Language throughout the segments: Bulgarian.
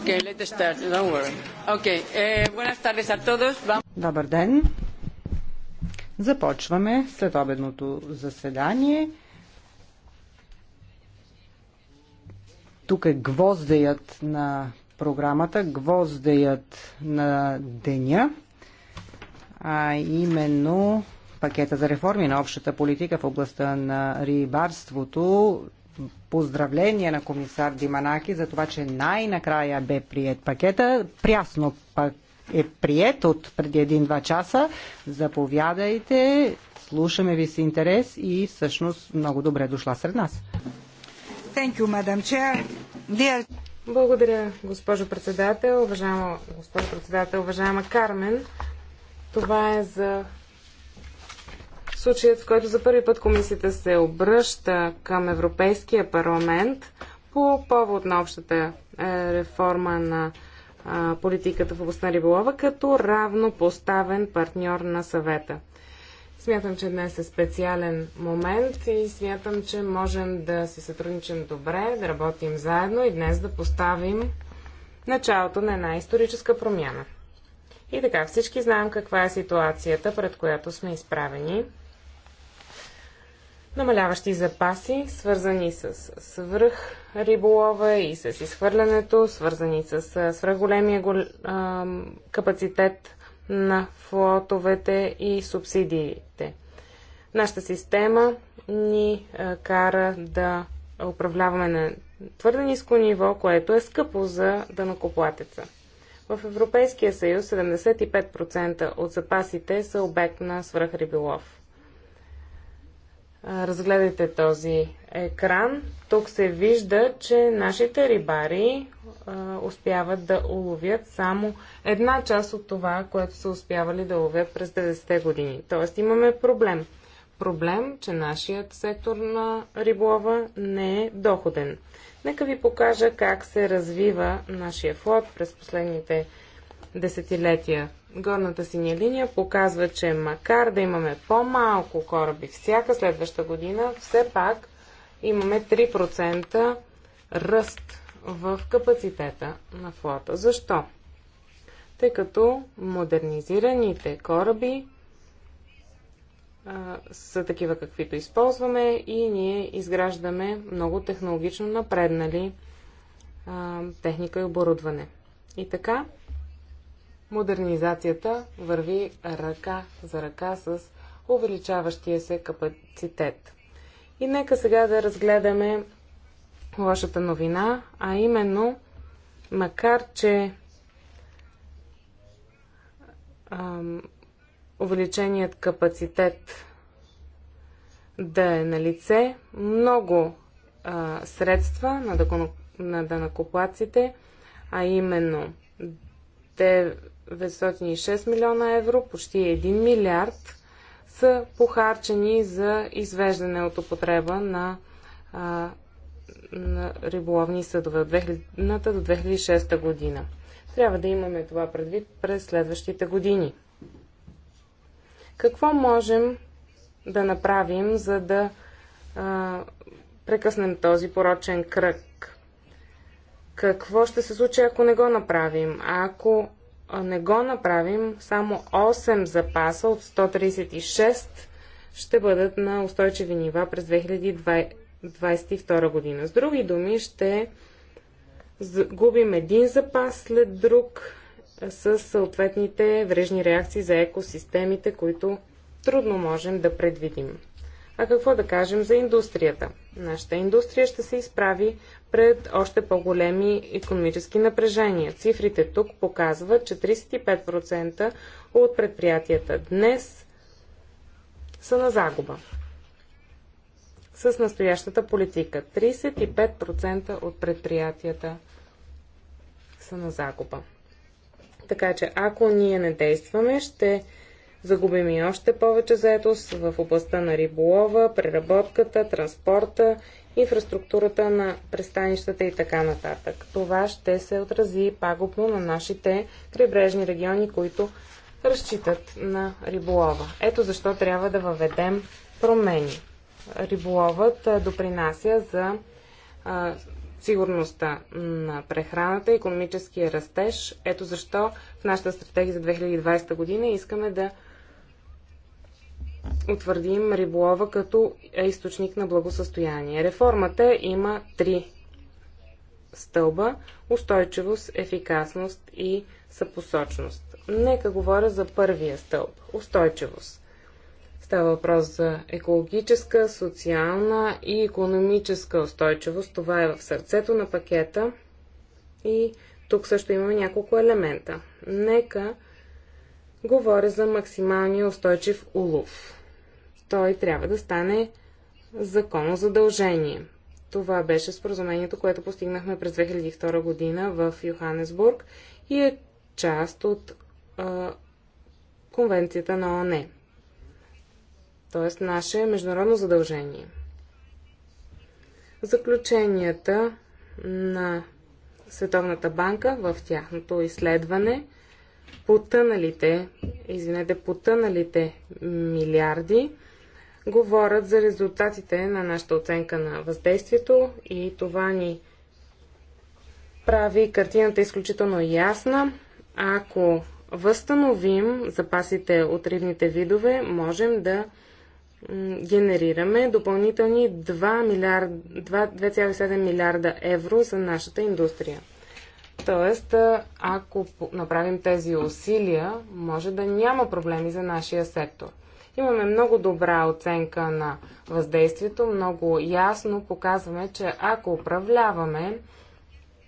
Okay, let's start. Don't worry. Okay. Eh, buenas tardes a todos. Добър ден. Започваме след обедното заседание. Тук е гвоздеят на програмата, гвоздеят на деня, а именно пакета за реформи на общата политика в областта на рибарството поздравления на комисар Диманаки за това, че най-накрая бе прият пакета. Прясно пак е прият от преди един-два часа. Заповядайте, слушаме ви с интерес и всъщност много добре дошла сред нас. Thank you, Madam Chair. Dear... Благодаря, госпожо председател, уважаема госпожо председател, уважаема Кармен. Това е за случаят, в който за първи път комисията се обръща към Европейския парламент по повод на общата е, реформа на политиката в областта на риболова като равнопоставен партньор на съвета. Смятам, че днес е специален момент и смятам, че можем да си сътрудничим добре, да работим заедно и днес да поставим началото на една историческа промяна. И така, всички знаем каква е ситуацията, пред която сме изправени намаляващи запаси, свързани с свръх риболова и с изхвърлянето, свързани с свръхголемия капацитет на флотовете и субсидиите. Нашата система ни кара да управляваме на твърде ниско ниво, което е скъпо за дънакоплатеца. В Европейския съюз 75% от запасите са обект на свръхриболов разгледайте този екран. Тук се вижда, че нашите рибари успяват да уловят само една част от това, което са успявали да ловят през 90-те години. Тоест имаме проблем. Проблем, че нашият сектор на риболова не е доходен. Нека ви покажа как се развива нашия флот през последните десетилетия. Горната синя линия показва, че макар да имаме по-малко кораби всяка следваща година, все пак имаме 3% ръст в капацитета на флота. Защо? Тъй като модернизираните кораби а, са такива каквито използваме и ние изграждаме много технологично напреднали а, техника и оборудване. И така, Модернизацията върви ръка за ръка с увеличаващия се капацитет. И нека сега да разгледаме лошата новина, а именно, макар че ам, увеличеният капацитет да е на лице, много а, средства на, дъкон, на данакоплаците, а именно 906 милиона евро, почти 1 милиард, са похарчени за извеждане от употреба на, а, на риболовни съдове от 2000 до 2006 година. Трябва да имаме това предвид през следващите години. Какво можем да направим, за да а, прекъснем този порочен кръг? Какво ще се случи, ако не го направим? Ако не го направим, само 8 запаса от 136 ще бъдат на устойчиви нива през 2022 година. С други думи, ще губим един запас след друг с съответните врежни реакции за екосистемите, които трудно можем да предвидим. А какво да кажем за индустрията? Нашата индустрия ще се изправи пред още по-големи економически напрежения. Цифрите тук показват, че 35% от предприятията днес са на загуба. С настоящата политика 35% от предприятията са на загуба. Така че ако ние не действаме, ще загубим и още повече заетост в областта на риболова, преработката, транспорта, инфраструктурата на пристанищата и така нататък. Това ще се отрази пагубно на нашите крайбрежни региони, които разчитат на риболова. Ето защо трябва да въведем промени. Риболовът допринася за а, сигурността на прехраната, економическия растеж. Ето защо в нашата стратегия за 2020 година искаме да утвърдим риболова като е източник на благосъстояние. Реформата има три стълба – устойчивост, ефикасност и съпосочност. Нека говоря за първия стълб – устойчивост. Става въпрос за екологическа, социална и економическа устойчивост. Това е в сърцето на пакета и тук също имаме няколко елемента. Нека говоря за максималния устойчив улов той трябва да стане законно задължение. Това беше споразумението, което постигнахме през 2002 година в Йоханесбург и е част от а, Конвенцията на ОНЕ. Тоест наше международно задължение. Заключенията на Световната банка в тяхното изследване потъналите, извинете, потъналите милиарди говорят за резултатите на нашата оценка на въздействието и това ни прави картината изключително ясна. Ако възстановим запасите от рибните видове, можем да генерираме допълнителни 2,7 милиард, 2,7 милиарда евро за нашата индустрия. Тоест, ако направим тези усилия, може да няма проблеми за нашия сектор. Имаме много добра оценка на въздействието, много ясно показваме, че ако управляваме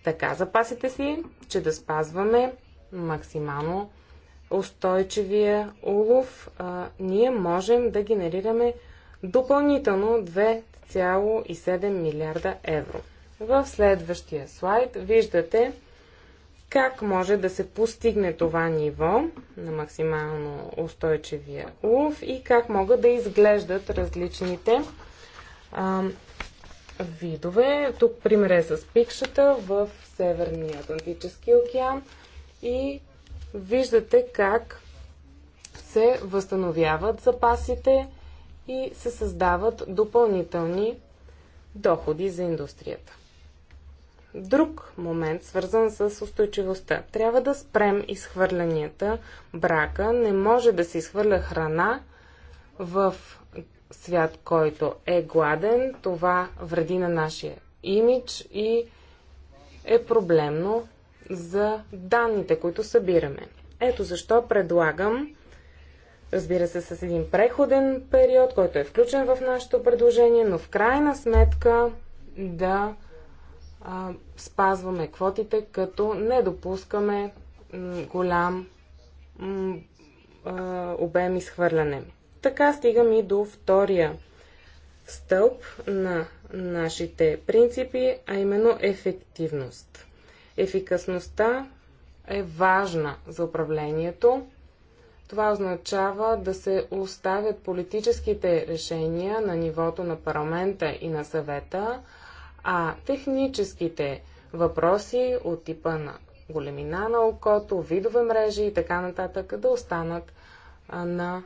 така запасите си, че да спазваме максимално устойчивия улов, а, ние можем да генерираме допълнително 2,7 милиарда евро. В следващия слайд виждате как може да се постигне това ниво на максимално устойчивия улов и как могат да изглеждат различните а, видове. Тук пример е с пикшата в Северния Атлантически океан и виждате как се възстановяват запасите и се създават допълнителни доходи за индустрията друг момент, свързан с устойчивостта. Трябва да спрем изхвърлянията, брака. Не може да се изхвърля храна в свят, който е гладен. Това вреди на нашия имидж и е проблемно за данните, които събираме. Ето защо предлагам, разбира се, с един преходен период, който е включен в нашето предложение, но в крайна сметка да а, спазваме квотите, като не допускаме голям а, обем изхвърляне. Така стигам и до втория стълб на нашите принципи, а именно ефективност. Ефикасността е важна за управлението. Това означава да се оставят политическите решения на нивото на парламента и на съвета, а техническите въпроси от типа на големина на окото, видове мрежи и така нататък да останат на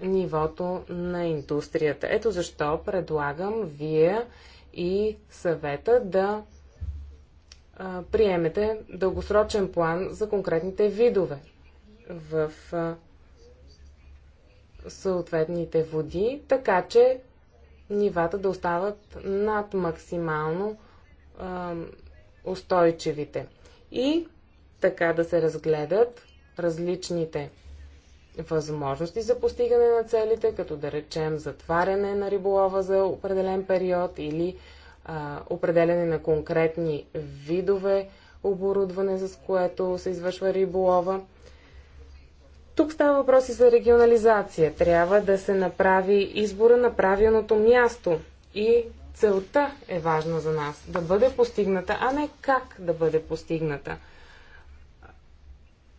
нивото на индустрията. Ето защо предлагам вие и съвета да приемете дългосрочен план за конкретните видове в съответните води, така че нивата да остават над максимално а, устойчивите. И така да се разгледат различните възможности за постигане на целите, като да речем затваряне на риболова за определен период или а, определене на конкретни видове оборудване, с което се извършва риболова. Тук става въпрос и за регионализация. Трябва да се направи избора на правилното място. И целта е важна за нас. Да бъде постигната, а не как да бъде постигната.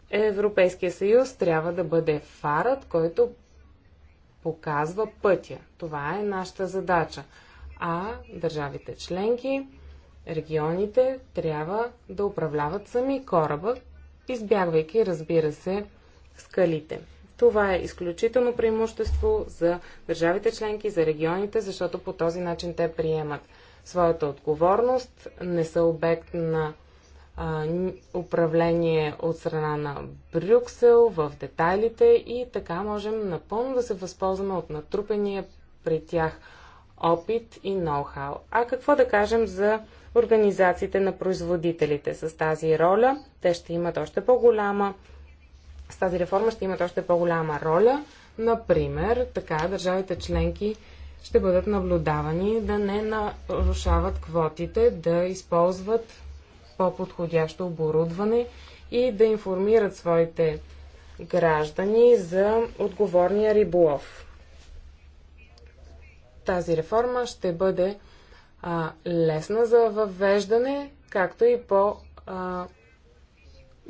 Европейския съюз трябва да бъде фарът, който показва пътя. Това е нашата задача. А държавите членки, регионите трябва да управляват сами кораба, избягвайки, разбира се, скалите. Това е изключително преимущество за държавите членки, за регионите, защото по този начин те приемат своята отговорност, не са обект на а, управление от страна на Брюксел в детайлите и така можем напълно да се възползваме от натрупения при тях опит и ноу-хау. А какво да кажем за организациите на производителите с тази роля? Те ще имат още по-голяма с тази реформа ще имат още по-голяма роля. Например, така държавите членки ще бъдат наблюдавани да не нарушават квотите, да използват по-подходящо оборудване и да информират своите граждани за отговорния риболов. Тази реформа ще бъде а, лесна за въвеждане, както и по а,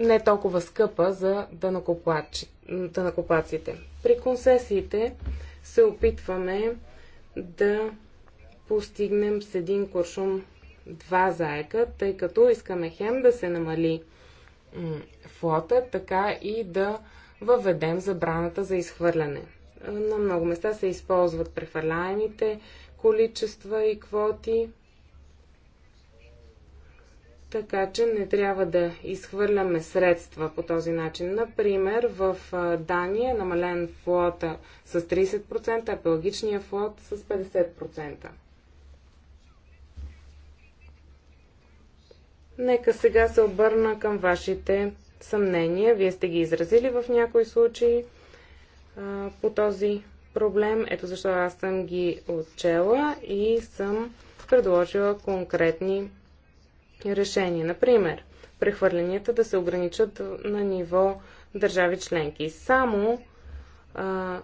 не толкова скъпа за данакоплаците. При концесиите се опитваме да постигнем с един куршум два заека, тъй като искаме хем да се намали флота, така и да въведем забраната за изхвърляне. На много места се използват прехвърляемите количества и квоти, така че не трябва да изхвърляме средства по този начин. Например, в Дания е намален флота с 30%, а пелагичния флот с 50%. Нека сега се обърна към вашите съмнения. Вие сте ги изразили в някои случаи а, по този проблем. Ето защо аз съм ги отчела и съм предложила конкретни решения. Например, прехвърлянията да се ограничат на ниво държави членки. Само а,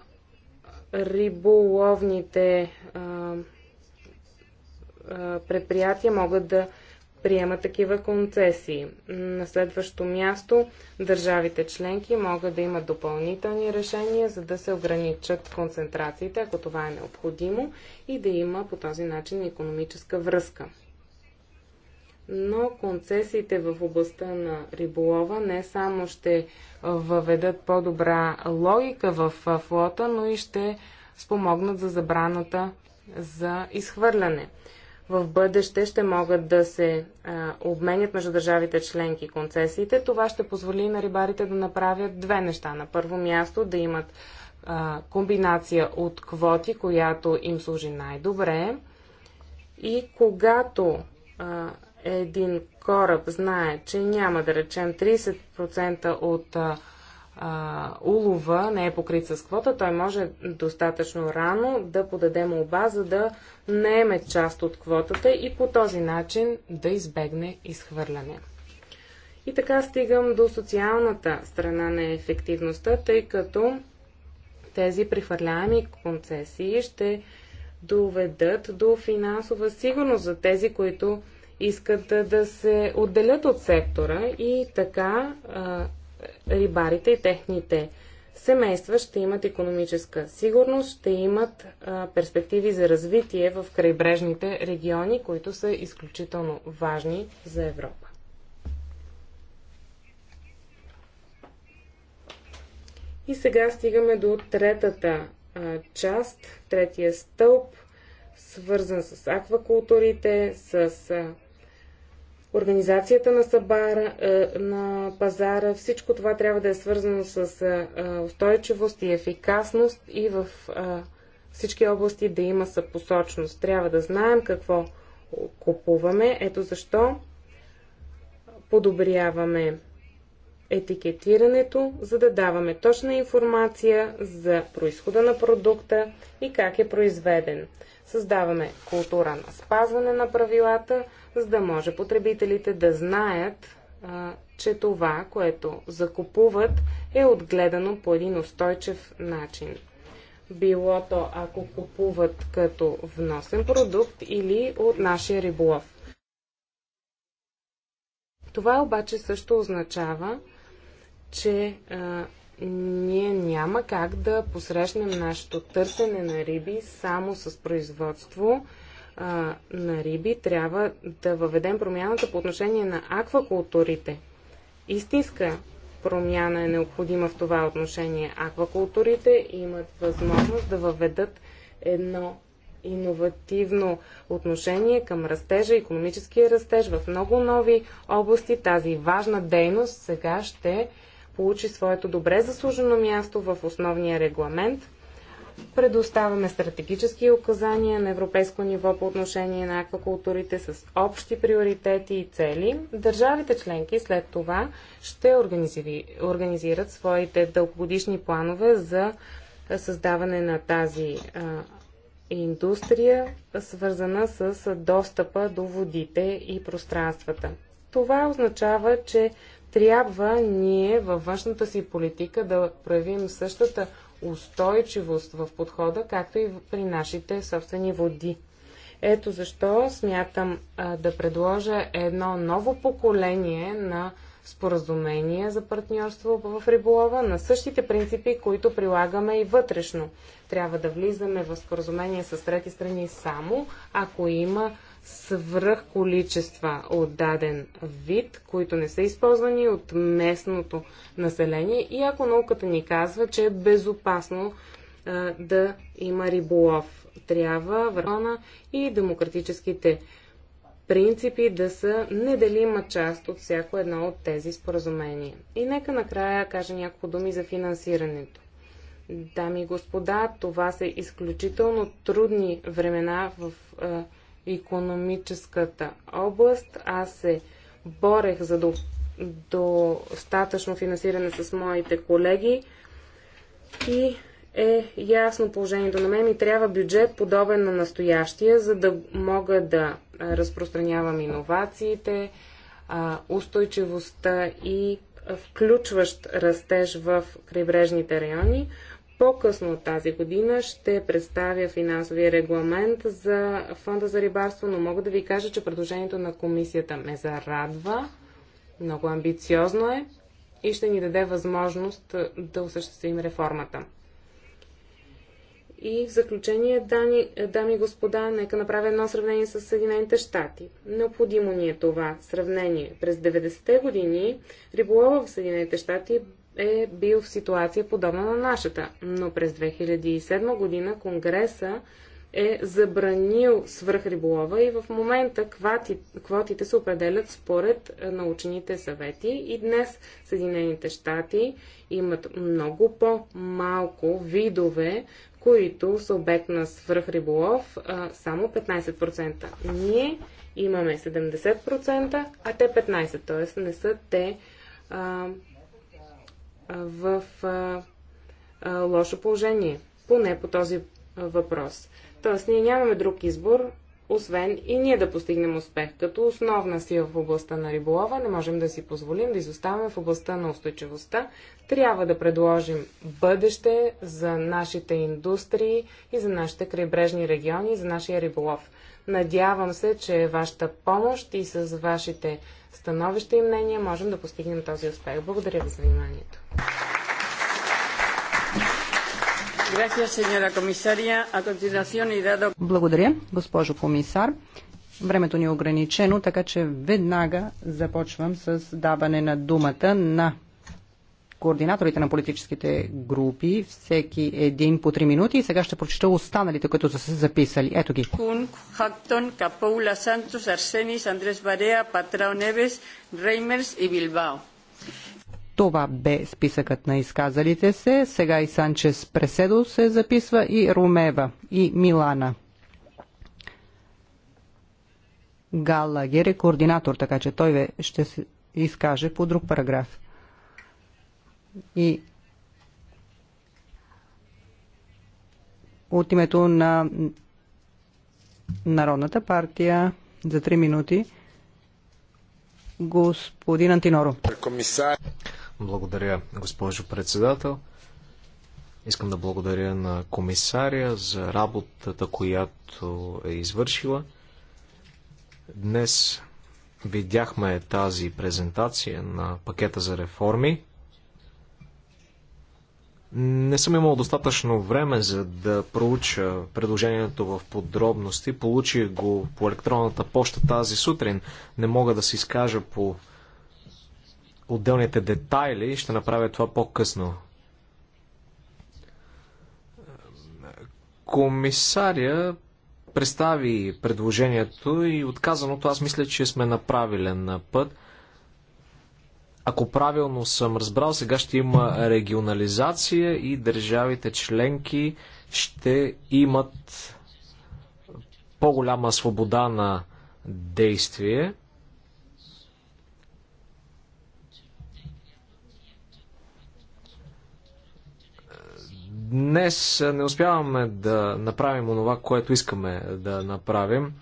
риболовните а, а, предприятия могат да приемат такива концесии. На следващо място държавите членки могат да имат допълнителни решения, за да се ограничат концентрациите, ако това е необходимо, и да има по този начин економическа връзка но концесиите в областта на риболова не само ще въведат по-добра логика в флота, но и ще спомогнат за забраната за изхвърляне. В бъдеще ще могат да се а, обменят между държавите членки концесиите. Това ще позволи на рибарите да направят две неща. На първо място да имат а, комбинация от квоти, която им служи най-добре. И когато а, един кораб знае, че няма, да речем, 30% от а, а, улова не е покрит с квота, той може достатъчно рано да подаде молба, за да наеме част от квотата и по този начин да избегне изхвърляне. И така стигам до социалната страна на ефективността, тъй като тези прихвърляеми концесии ще доведат до финансова сигурност за тези, които искат да се отделят от сектора и така рибарите и техните семейства ще имат економическа сигурност, ще имат перспективи за развитие в крайбрежните региони, които са изключително важни за Европа. И сега стигаме до третата а, част, третия стълб, свързан с аквакултурите, с а, организацията на, събара, е, на пазара, всичко това трябва да е свързано с е, е, устойчивост и ефикасност и в всички области да има съпосочност. Трябва да знаем какво купуваме. Ето защо подобряваме етикетирането, за да даваме точна информация за происхода на продукта и как е произведен. Създаваме култура на спазване на правилата, за да може потребителите да знаят, а, че това, което закупуват, е отгледано по един устойчив начин. Било то ако купуват като вносен продукт или от нашия риболов. Това обаче също означава, че а, ние няма как да посрещнем нашето търсене на риби само с производство а, на риби. Трябва да въведем промяната по отношение на аквакултурите. Истинска промяна е необходима в това отношение. Аквакултурите имат възможност да въведат едно иновативно отношение към растежа, економическия растеж в много нови области. Тази важна дейност сега ще получи своето добре заслужено място в основния регламент. Предоставяме стратегически указания на европейско ниво по отношение на аквакултурите с общи приоритети и цели. Държавите членки след това ще организират своите дългогодишни планове за създаване на тази а, индустрия, свързана с достъпа до водите и пространствата. Това означава, че трябва ние във външната си политика да проявим същата устойчивост в подхода, както и при нашите собствени води. Ето защо смятам а, да предложа едно ново поколение на споразумения за партньорство в риболова на същите принципи, които прилагаме и вътрешно. Трябва да влизаме в споразумение с трети страни само, ако има свръх количества от даден вид, които не са използвани от местното население и ако науката ни казва, че е безопасно а, да има риболов. Трябва върхона и демократическите принципи да са неделима част от всяко едно от тези споразумения. И нека накрая кажа няколко думи за финансирането. Дами и господа, това са изключително трудни времена в а, економическата област. Аз се борех за до, достатъчно финансиране с моите колеги и е ясно положението на мен ми трябва бюджет подобен на настоящия, за да мога да разпространявам иновациите, устойчивостта и включващ растеж в крайбрежните райони. По-късно тази година ще представя финансовия регламент за Фонда за рибарство, но мога да ви кажа, че предложението на комисията ме зарадва. Много амбициозно е и ще ни даде възможност да осъществим реформата. И в заключение, дами, дами и господа, нека направя едно сравнение с Съединените щати. Необходимо ни е това сравнение. През 90-те години риболова в Съединените щати е бил в ситуация подобна на нашата. Но през 2007 година Конгреса е забранил свръхриболова и в момента квати, квотите се определят според научените съвети и днес Съединените щати имат много по-малко видове, които са обект на свръхриболов, само 15%. Ние имаме 70%, а те 15%, т.е. не са те а, в а, а, лошо положение. Поне по този въпрос. Тоест, ние нямаме друг избор, освен и ние да постигнем успех. Като основна сила в областта на риболова, не можем да си позволим да изоставаме в областта на устойчивостта. Трябва да предложим бъдеще за нашите индустрии и за нашите крайбрежни региони, и за нашия риболов. Надявам се, че вашата помощ и с вашите становища и мнения можем да постигнем този успех. Благодаря ви за вниманието. Благодаря, госпожо комисар. Времето ни е ограничено, така че веднага започвам с даване на думата на координаторите на политическите групи, всеки един по три минути и сега ще прочета останалите, които са се записали. Ето ги. Кун, Хактон, Капоула Сантос, Арсенис, Андрес Барея, Патрао Невес, Реймерс и Билбао. Това бе списъкът на изказалите се. Сега и Санчес Преседо се записва и Румева и Милана. Гала Гере, координатор, така че той ще се изкаже по друг параграф и от името на Народната партия за 3 минути господин Антиноро. Благодаря, госпожо председател. Искам да благодаря на комисаря за работата, която е извършила. Днес видяхме тази презентация на пакета за реформи. Не съм имал достатъчно време за да проуча предложението в подробности. Получих го по електронната поща тази сутрин. Не мога да се изкажа по отделните детайли. Ще направя това по-късно. Комисаря представи предложението и отказаното аз мисля, че сме на правилен път – ако правилно съм разбрал, сега ще има регионализация и държавите членки ще имат по-голяма свобода на действие. Днес не успяваме да направим онова, което искаме да направим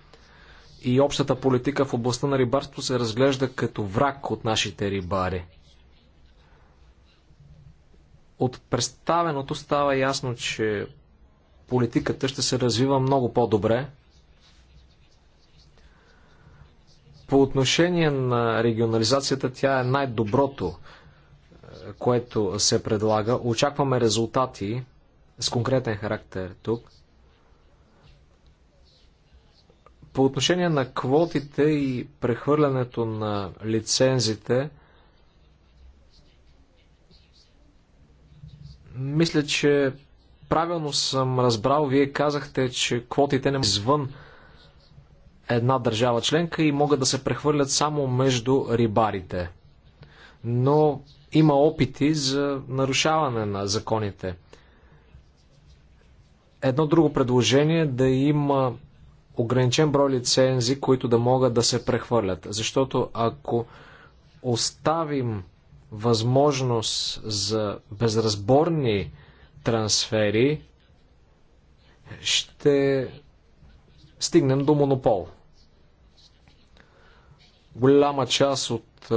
и общата политика в областта на рибарство се разглежда като враг от нашите рибари. От представеното става ясно, че политиката ще се развива много по-добре. По отношение на регионализацията, тя е най-доброто, е, което се предлага. Очакваме резултати с конкретен характер тук – По отношение на квотите и прехвърлянето на лицензите, мисля, че правилно съм разбрал. Вие казахте, че квотите не извън една държава членка и могат да се прехвърлят само между рибарите. Но има опити за нарушаване на законите. Едно друго предложение е да има ограничен брой лицензи, които да могат да се прехвърлят. Защото ако оставим възможност за безразборни трансфери, ще стигнем до монопол. Голяма част от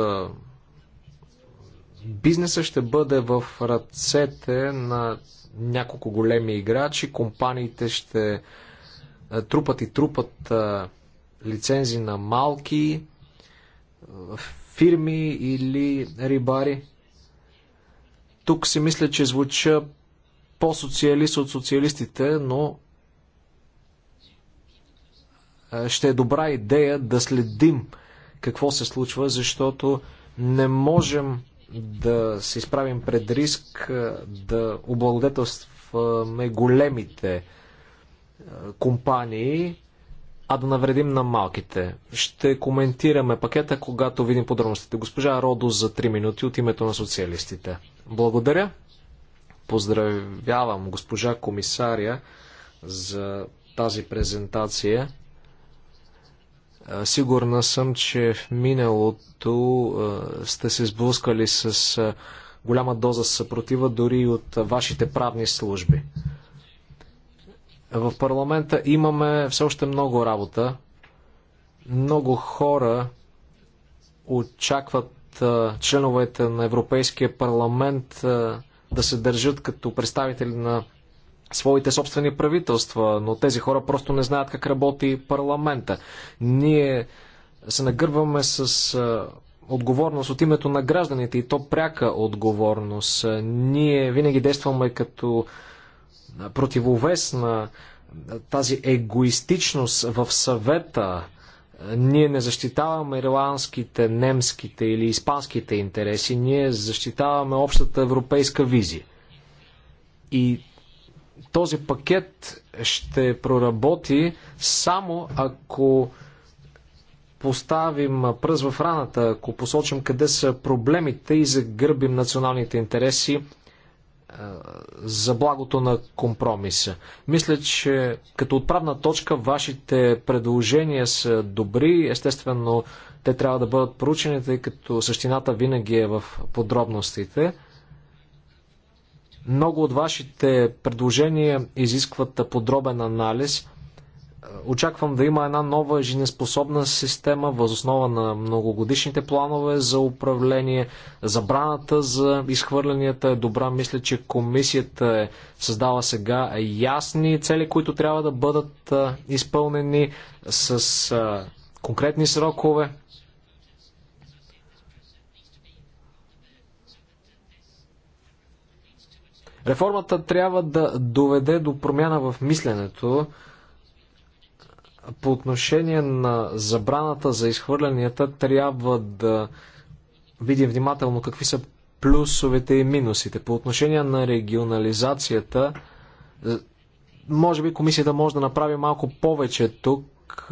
бизнеса ще бъде в ръцете на няколко големи играчи, компаниите ще е, трупат и трупат е, лицензи на малки е, фирми или рибари. Тук си мисля, че звуча по-социалист от социалистите, но ще е добра идея да следим какво се случва, защото не можем да се изправим пред риск да облагодетелстваме големите компании, а да навредим на малките. Ще коментираме пакета, когато видим подробностите. Госпожа Родо за 3 минути от името на социалистите. Благодаря. Поздравявам госпожа комисаря за тази презентация. Сигурна съм, че в миналото сте се сблъскали с голяма доза съпротива дори от вашите правни служби. В парламента имаме все още много работа. Много хора очакват членовете на Европейския парламент да се държат като представители на своите собствени правителства, но тези хора просто не знаят как работи парламента. Ние се нагърваме с отговорност от името на гражданите и то пряка отговорност. Ние винаги действаме като противовес на тази егоистичност в съвета, ние не защитаваме ирландските, немските или испанските интереси, ние защитаваме общата европейска визия. И този пакет ще проработи само ако поставим пръз в раната, ако посочим къде са проблемите и загърбим националните интереси за благото на компромиса. Мисля, че като отправна точка вашите предложения са добри. Естествено, те трябва да бъдат проучени, тъй като същината винаги е в подробностите. Много от вашите предложения изискват подробен анализ. Очаквам да има една нова жизнеспособна система, възоснова на многогодишните планове за управление. Забраната за изхвърлянията е добра. Мисля, че комисията е създала сега ясни цели, които трябва да бъдат изпълнени с конкретни срокове. Реформата трябва да доведе до промяна в мисленето по отношение на забраната за изхвърлянията, трябва да видим внимателно какви са плюсовете и минусите. По отношение на регионализацията, може би комисията може да направи малко повече тук.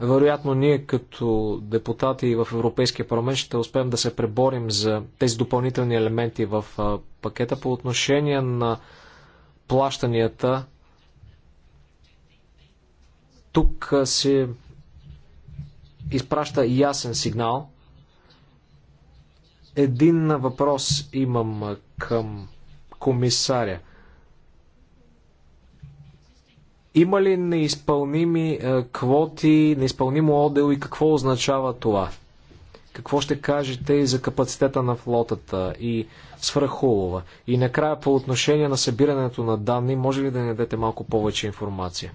Вероятно ние като депутати в Европейския парламент ще успеем да се преборим за тези допълнителни елементи в пакета. По отношение на плащанията, тук се изпраща ясен сигнал. Един въпрос имам към комисаря. Има ли неизпълними квоти, неизпълнимо отдел, и какво означава това? Какво ще кажете и за капацитета на флотата и свръхулова? И накрая по отношение на събирането на данни, може ли да ни дадете малко повече информация?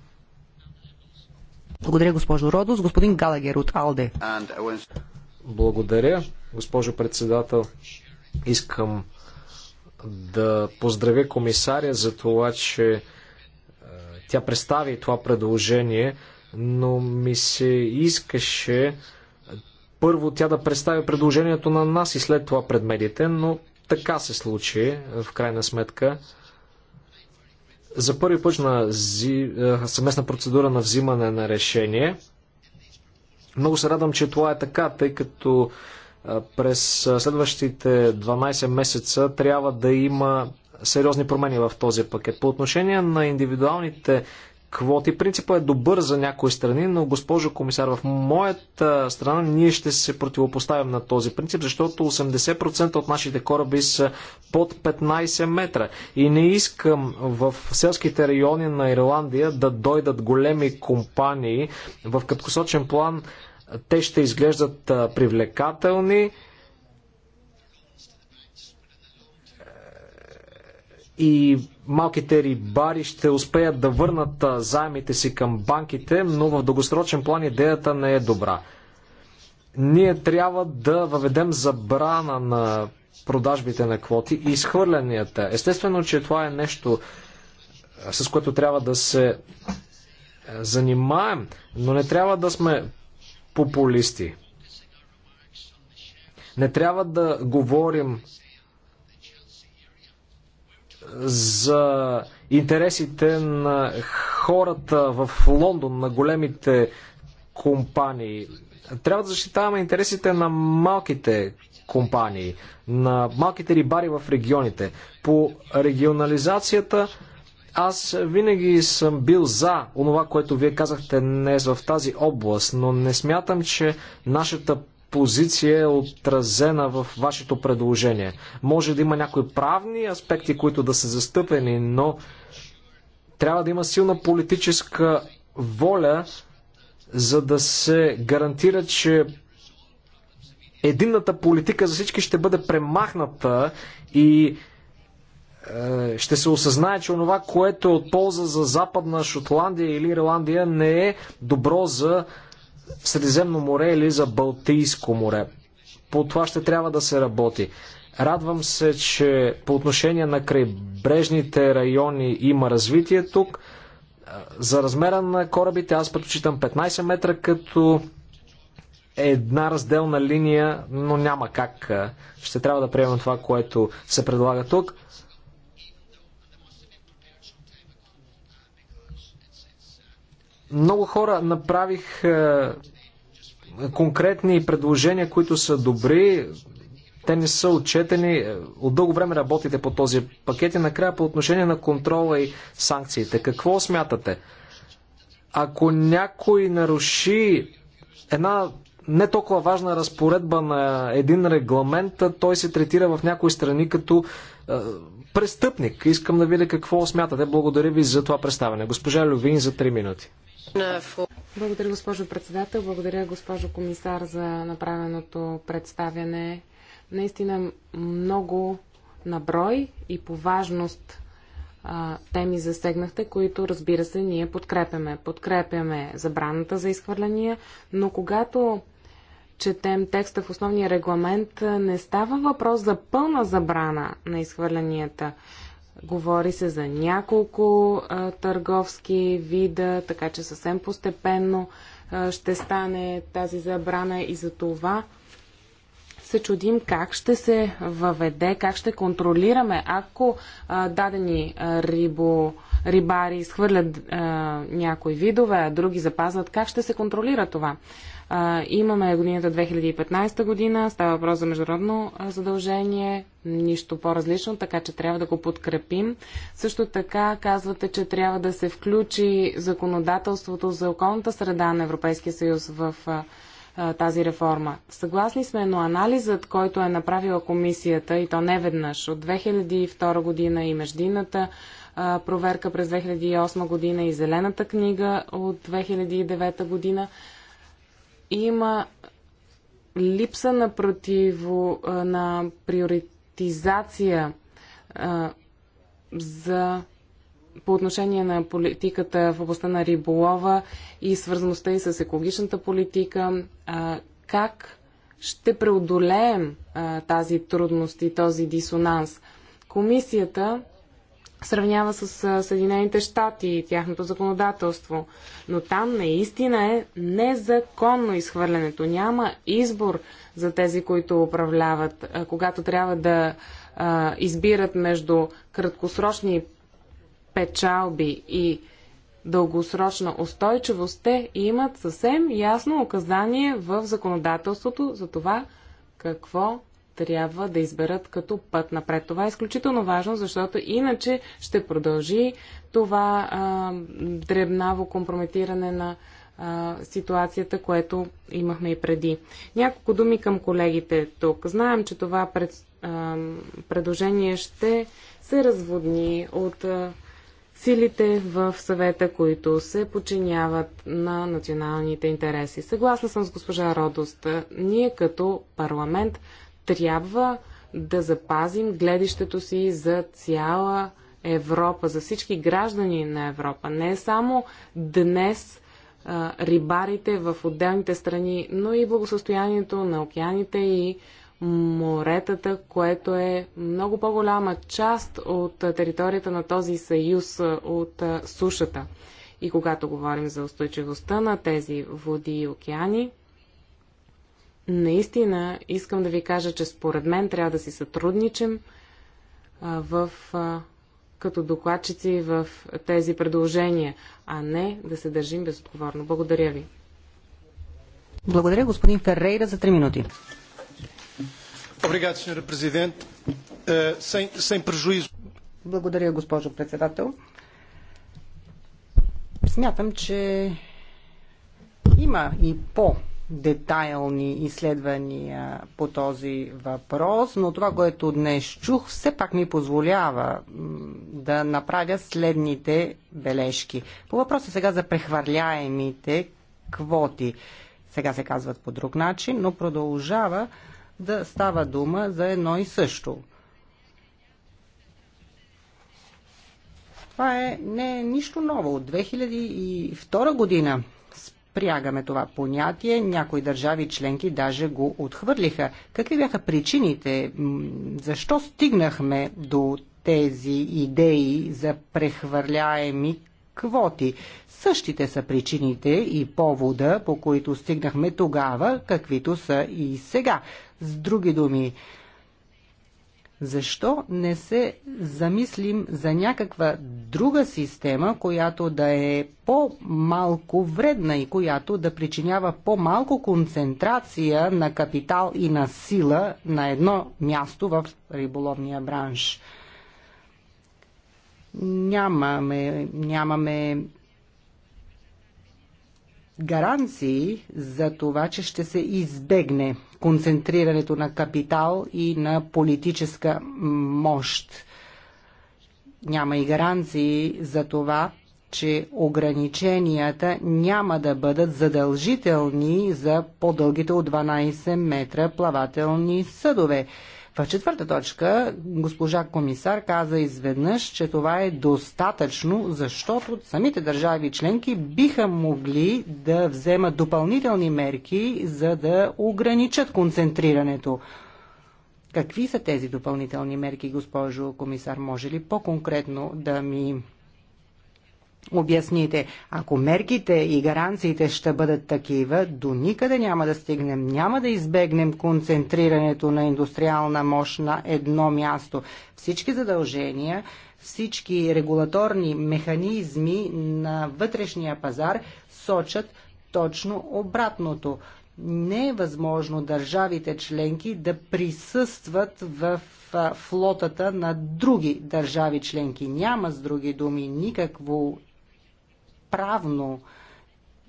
Благодаря, госпожо Родос. Господин Галагер от Алде. Благодаря, госпожо председател. Искам да поздравя комисаря за това, че е, тя представи това предложение, но ми се искаше е, първо тя да представи предложението на нас и след това пред медиите, но така се случи е, в крайна сметка за първи път на зи... Е, съместна процедура на взимане на решение. Много се радвам, че това е така, тъй като е, през следващите 12 месеца трябва да има сериозни промени в този пакет. По отношение на индивидуалните квоти. Принципът е добър за някои страни, но госпожо комисар, в моята страна ние ще се противопоставим на този принцип, защото 80% от нашите кораби са под 15 метра. И не искам в селските райони на Ирландия да дойдат големи компании. В краткосрочен план те ще изглеждат привлекателни, и малките рибари ще успеят да върнат заемите си към банките, но в дългосрочен план идеята не е добра. Ние трябва да въведем забрана на продажбите на квоти и изхвърлянията. Естествено, че това е нещо, с което трябва да се занимаем, но не трябва да сме популисти. Не трябва да говорим за интересите на хората в Лондон, на големите компании. Трябва да защитаваме интересите на малките компании, на малките рибари в регионите. По регионализацията аз винаги съм бил за онова, което вие казахте днес в тази област, но не смятам, че нашата позиция е отразена в вашето предложение. Може да има някои правни аспекти, които да са застъпени, но трябва да има силна политическа воля, за да се гарантира, че единната политика за всички ще бъде премахната и е, ще се осъзнае, че онова, което е от полза за Западна Шотландия или Ирландия, не е добро за Средиземно море или за Балтийско море. По това ще трябва да се работи. Радвам се, че по отношение на крайбрежните райони има развитие тук. За размера на корабите аз предпочитам 15 метра като една разделна линия, но няма как. Ще трябва да приемем това, което се предлага тук. Много хора направих е, конкретни предложения, които са добри. Те не са отчетени. Е, от дълго време работите по този пакет и накрая по отношение на контрола и санкциите. Какво смятате? Ако някой наруши една не толкова важна разпоредба на един регламент, той се третира в някои страни като е, престъпник. Искам да видя какво смятате. Благодаря ви за това представяне. Госпожа Лювин за 3 минути. Благодаря, госпожо председател. Благодаря, госпожо комисар, за направеното представяне. Наистина много наброй и по важност а, теми засегнахте, които, разбира се, ние подкрепяме. Подкрепяме забраната за изхвърляния, но когато четем текста в основния регламент, не става въпрос за пълна забрана на изхвърлянията. Говори се за няколко а, търговски вида, така че съвсем постепенно а, ще стане тази забрана и за това се чудим как ще се въведе, как ще контролираме, ако а, дадени а, рибо, рибари изхвърлят а, някои видове, а други запазват, как ще се контролира това? А, имаме годината 2015 година, става въпрос за международно задължение, нищо по-различно, така че трябва да го подкрепим. Също така казвате, че трябва да се включи законодателството за околната среда на Европейския съюз в а, тази реформа. Съгласни сме, но анализът, който е направила комисията, и то не веднъж, от 2002 година и междината, проверка през 2008 година и Зелената книга от 2009 година има липса на противо, на приоритизация а, за по отношение на политиката в областта на риболова и свързаността и с екологичната политика. А, как ще преодолеем а, тази трудност и този дисонанс? Комисията сравнява с Съединените щати и тяхното законодателство. Но там наистина е незаконно изхвърлянето. Няма избор за тези, които управляват, когато трябва да а, избират между краткосрочни печалби и дългосрочна устойчивост, те имат съвсем ясно указание в законодателството за това какво трябва да изберат като път напред. Това е изключително важно, защото иначе ще продължи това а, дребнаво компрометиране на а, ситуацията, което имахме и преди. Няколко думи към колегите тук. Знаем, че това пред, а, предложение ще се разводни от а, силите в съвета, които се подчиняват на националните интереси. Съгласна съм с госпожа Родост. Ние като парламент трябва да запазим гледището си за цяла Европа, за всички граждани на Европа. Не само днес рибарите в отделните страни, но и благосъстоянието на океаните и моретата, което е много по-голяма част от територията на този съюз от сушата. И когато говорим за устойчивостта на тези води и океани, наистина искам да ви кажа, че според мен трябва да си сътрудничим в, като докладчици в тези предложения, а не да се държим безотговорно. Благодаря ви. Благодаря, господин Феррейра, за 3 минути. Е, Благодаря, госпожо председател. Смятам, че има и по детайлни изследвания по този въпрос, но това, което днес чух, все пак ми позволява да направя следните бележки. По въпроса сега за прехвърляемите квоти. Сега се казват по друг начин, но продължава да става дума за едно и също. Това е не, е нищо ново. От 2002 година впрягаме това понятие. Някои държави членки даже го отхвърлиха. Какви бяха причините? Защо стигнахме до тези идеи за прехвърляеми квоти. Същите са причините и повода, по които стигнахме тогава, каквито са и сега. С други думи, защо не се замислим за някаква друга система, която да е по-малко вредна и която да причинява по-малко концентрация на капитал и на сила на едно място в риболовния бранш? Нямаме, нямаме гаранции за това, че ще се избегне концентрирането на капитал и на политическа мощ. Няма и гаранции за това, че ограниченията няма да бъдат задължителни за по-дългите от 12 метра плавателни съдове. В четвърта точка госпожа комисар каза изведнъж, че това е достатъчно, защото самите държави членки биха могли да вземат допълнителни мерки, за да ограничат концентрирането. Какви са тези допълнителни мерки, госпожо комисар? Може ли по-конкретно да ми обясните. Ако мерките и гаранциите ще бъдат такива, до никъде няма да стигнем. Няма да избегнем концентрирането на индустриална мощ на едно място. Всички задължения, всички регулаторни механизми на вътрешния пазар сочат точно обратното. Не е възможно държавите членки да присъстват в флотата на други държави членки. Няма с други думи никакво правно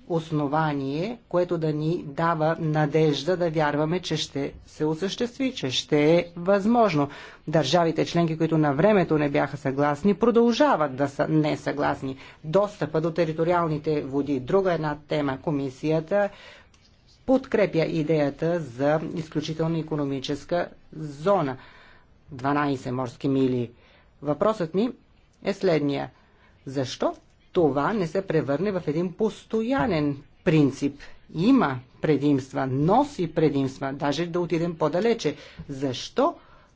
основание, което да ни дава надежда да вярваме, че ще се осъществи, че ще е възможно. Държавите членки, които на времето не бяха съгласни, продължават да са несъгласни. Достъпа до териториалните води. Друга една тема. Комисията подкрепя идеята за изключителна економическа зона. 12 морски мили. Въпросът ми е следния. Защо това не се превърне в един постоянен принцип. Има предимства, носи предимства, даже да отидем по-далече. Защо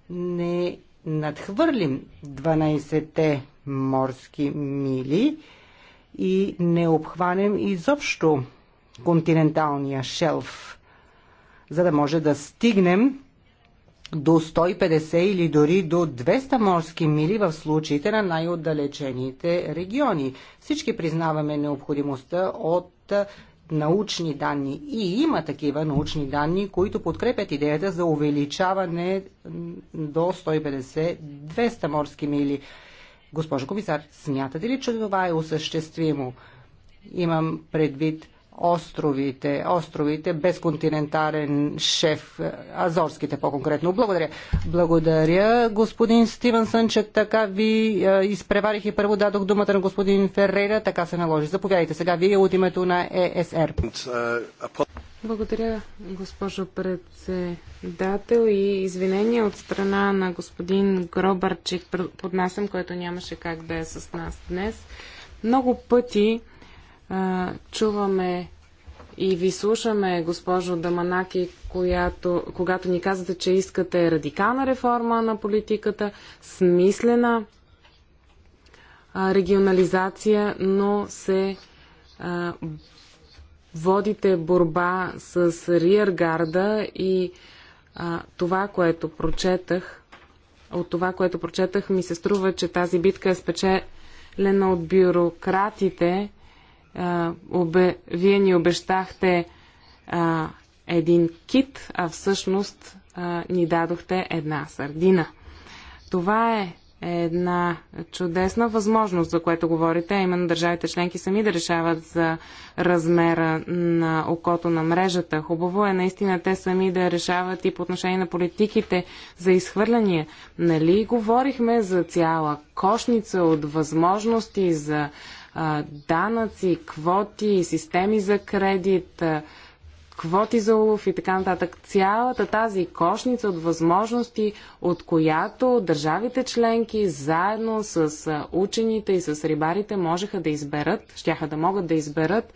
не надхвърлим 12-те морски мили и не обхванем изобщо континенталния шелф, за да може да стигнем до 150 или дори до 200 морски мили в случаите на най-отдалечените региони. Всички признаваме необходимостта от научни данни. И има такива научни данни, които подкрепят идеята за увеличаване до 150-200 морски мили. Госпожо комисар, смятате ли, че това е осъществимо? Имам предвид островите, островите без континентарен шеф, е, Азорските по-конкретно. Благодаря. Благодаря, господин Стивенсън, че така ви е, изпреварих и първо дадох думата на господин Феррера, така се наложи. Заповядайте сега вие от името на ЕСР. Благодаря, госпожо председател и извинения от страна на господин Гробарчик поднасям, който нямаше как да е с нас днес. Много пъти чуваме и ви слушаме, госпожо Даманаки, която, когато ни казвате, че искате радикална реформа на политиката, смислена регионализация, но се а, водите борба с Риергарда и а, това, което прочетах, от това, което прочетах, ми се струва, че тази битка е спечелена от бюрократите, а, обе, вие ни обещахте а, един кит, а всъщност а, ни дадохте една сардина. Това е една чудесна възможност, за което говорите, а именно държавите членки сами да решават за размера на окото на мрежата. Хубаво е наистина те сами да решават и по отношение на политиките за изхвърляния. Нали говорихме за цяла кошница от възможности за данъци, квоти, системи за кредит, квоти за улов и така нататък. Цялата тази кошница от възможности, от която държавите членки заедно с учените и с рибарите можеха да изберат, щяха да могат да изберат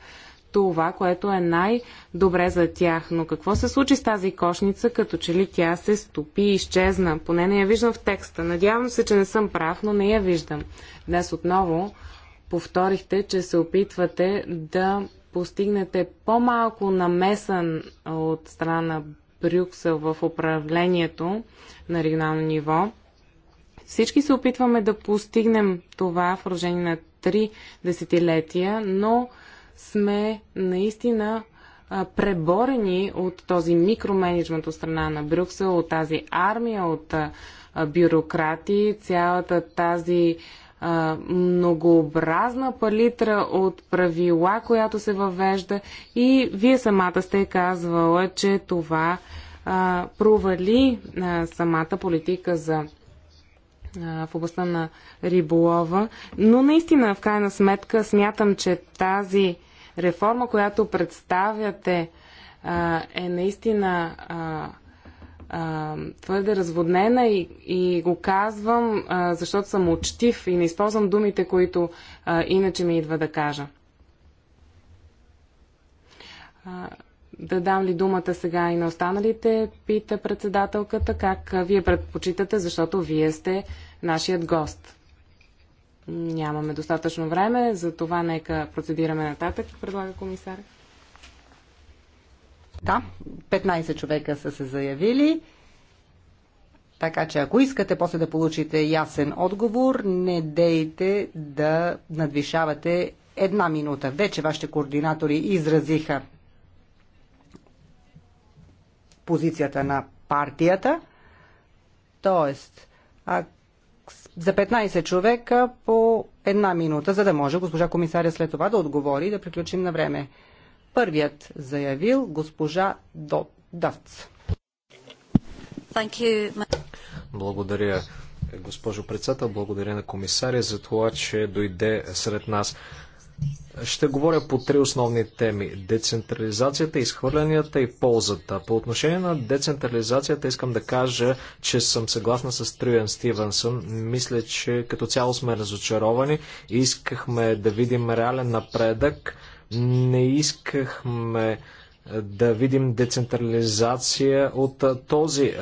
това, което е най-добре за тях. Но какво се случи с тази кошница, като че ли тя се стопи и изчезна? Поне не я виждам в текста. Надявам се, че не съм прав, но не я виждам. Днес отново повторихте, че се опитвате да постигнете по-малко намесен от страна на Брюксел в управлението на регионално ниво. Всички се опитваме да постигнем това в продължение на три десетилетия, но сме наистина преборени от този микроменеджмент от страна на Брюксел, от тази армия, от бюрократи, цялата тази многообразна палитра от правила, която се въвежда и вие самата сте казвала, че това а, провали а, самата политика за в областта на риболова. Но наистина, в крайна сметка, смятам, че тази реформа, която представяте, е наистина а, твърде разводнена и, и го казвам, а, защото съм учтив и не използвам думите, които а, иначе ми идва да кажа. А, да дам ли думата сега и на останалите, пита председателката, как вие предпочитате, защото вие сте нашият гост. Нямаме достатъчно време, за това нека процедираме нататък, предлага комисарът. Да, 15 човека са се заявили. Така че ако искате после да получите ясен отговор, не дейте да надвишавате една минута. Вече вашите координатори изразиха позицията на партията. Тоест, а за 15 човека по една минута, за да може госпожа комисаря след това да отговори и да приключим на време първият заявил госпожа Довц. Благодаря, госпожо председател. Благодаря на комисаря за това, че дойде сред нас. Ще говоря по три основни теми. Децентрализацията, изхвърлянията и ползата. По отношение на децентрализацията искам да кажа, че съм съгласна с Трюен Стивенсън. Мисля, че като цяло сме разочаровани. и Искахме да видим реален напредък не искахме да видим децентрализация от този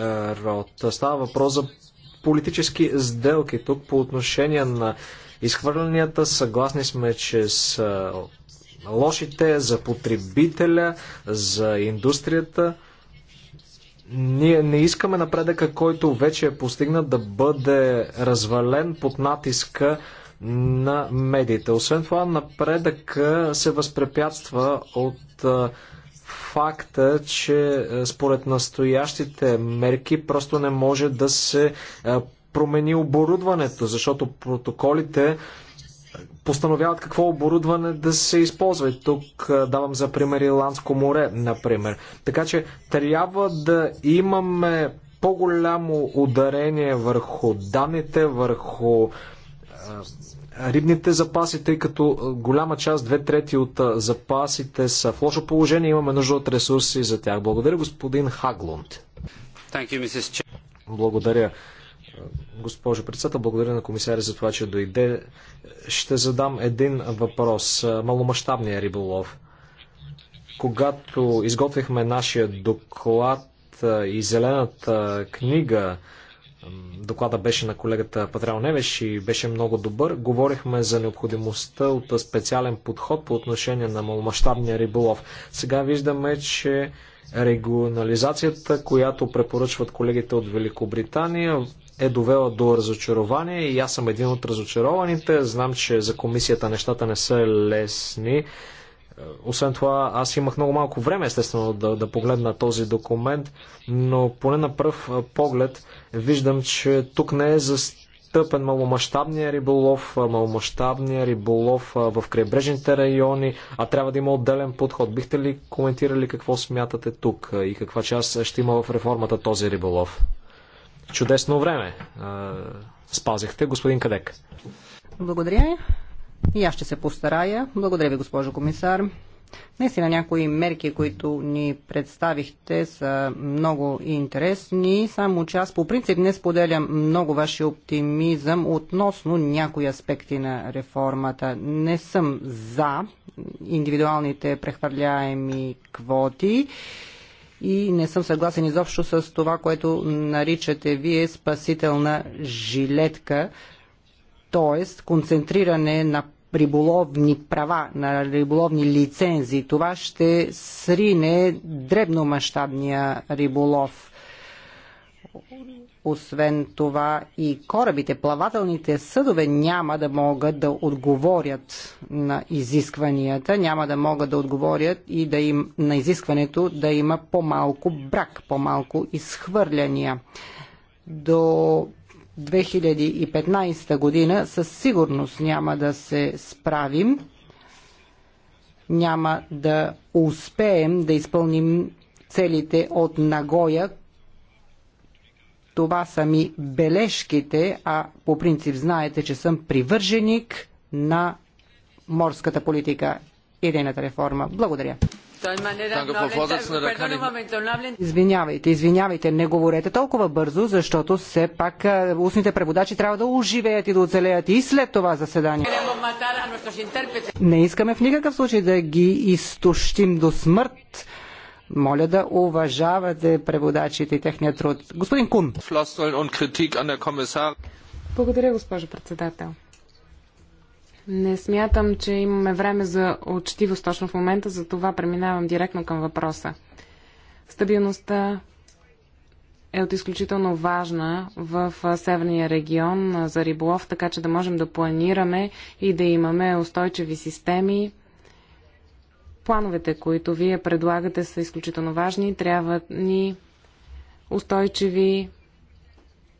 род. Става въпрос за политически сделки тук по отношение на изхвърлянията. Съгласни сме, че с лошите за потребителя, за индустрията. Ние не искаме напредъка, който вече е постигнат да бъде развален под натиска на медиите. Освен това, напредък се възпрепятства от факта, че според настоящите мерки просто не може да се промени оборудването, защото протоколите постановяват какво оборудване да се използва. И тук давам за пример Ирландско море, например. Така че трябва да имаме по-голямо ударение върху данните, върху рибните запаси, тъй като голяма част, две трети от запасите са в лошо положение. Имаме нужда от ресурси за тях. Благодаря, господин Хаглунд. Благодаря, госпожо председател. Благодаря на комисаря за това, че дойде. Ще задам един въпрос. Маломащабния риболов. Когато изготвихме нашия доклад и зелената книга, Доклада беше на колегата Патрал Невеш и беше много добър. Говорихме за необходимостта от специален подход по отношение на маломащабния риболов. Сега виждаме, че регионализацията, която препоръчват колегите от Великобритания, е довела до разочарование и аз съм един от разочарованите. Знам, че за комисията нещата не са лесни. Освен това, аз имах много малко време, естествено, да, да погледна този документ, но поне на пръв поглед Виждам, че тук не е застъпен маломащабния риболов, маломащабния риболов в крайбрежните райони, а трябва да има отделен подход. Бихте ли коментирали какво смятате тук и каква част ще има в реформата този риболов? Чудесно време спазихте, господин Кадек. Благодаря. И аз ще се постарая. Благодаря ви, госпожо комисар. Наистина някои мерки, които ни представихте, са много интересни, само че аз по принцип не споделям много вашия оптимизъм относно някои аспекти на реформата. Не съм за индивидуалните прехвърляеми квоти и не съм съгласен изобщо с това, което наричате вие спасителна жилетка, т.е. концентриране на риболовни права, на риболовни лицензии, Това ще срине дребномащабния риболов. Освен това и корабите, плавателните съдове няма да могат да отговорят на изискванията, няма да могат да отговорят и да им, на изискването да има по-малко брак, по-малко изхвърляния. До 2015 година със сигурност няма да се справим, няма да успеем да изпълним целите от Нагоя. Това са ми бележките, а по принцип знаете, че съм привърженик на морската политика и реформа. Благодаря. Извинявайте, извинявайте, не говорете толкова бързо, защото все пак е, устните преводачи трябва да оживеят и да оцелеят и след това заседание. Не искаме в никакъв случай да ги изтощим до смърт. Моля да уважавате преводачите и техния труд. Господин Кун. Благодаря, госпожо председател. Не смятам, че имаме време за учтивост точно в момента, за това преминавам директно към въпроса. Стабилността е от изключително важна в северния регион за риболов, така че да можем да планираме и да имаме устойчиви системи. Плановете, които вие предлагате, са изключително важни. Трябва ни устойчиви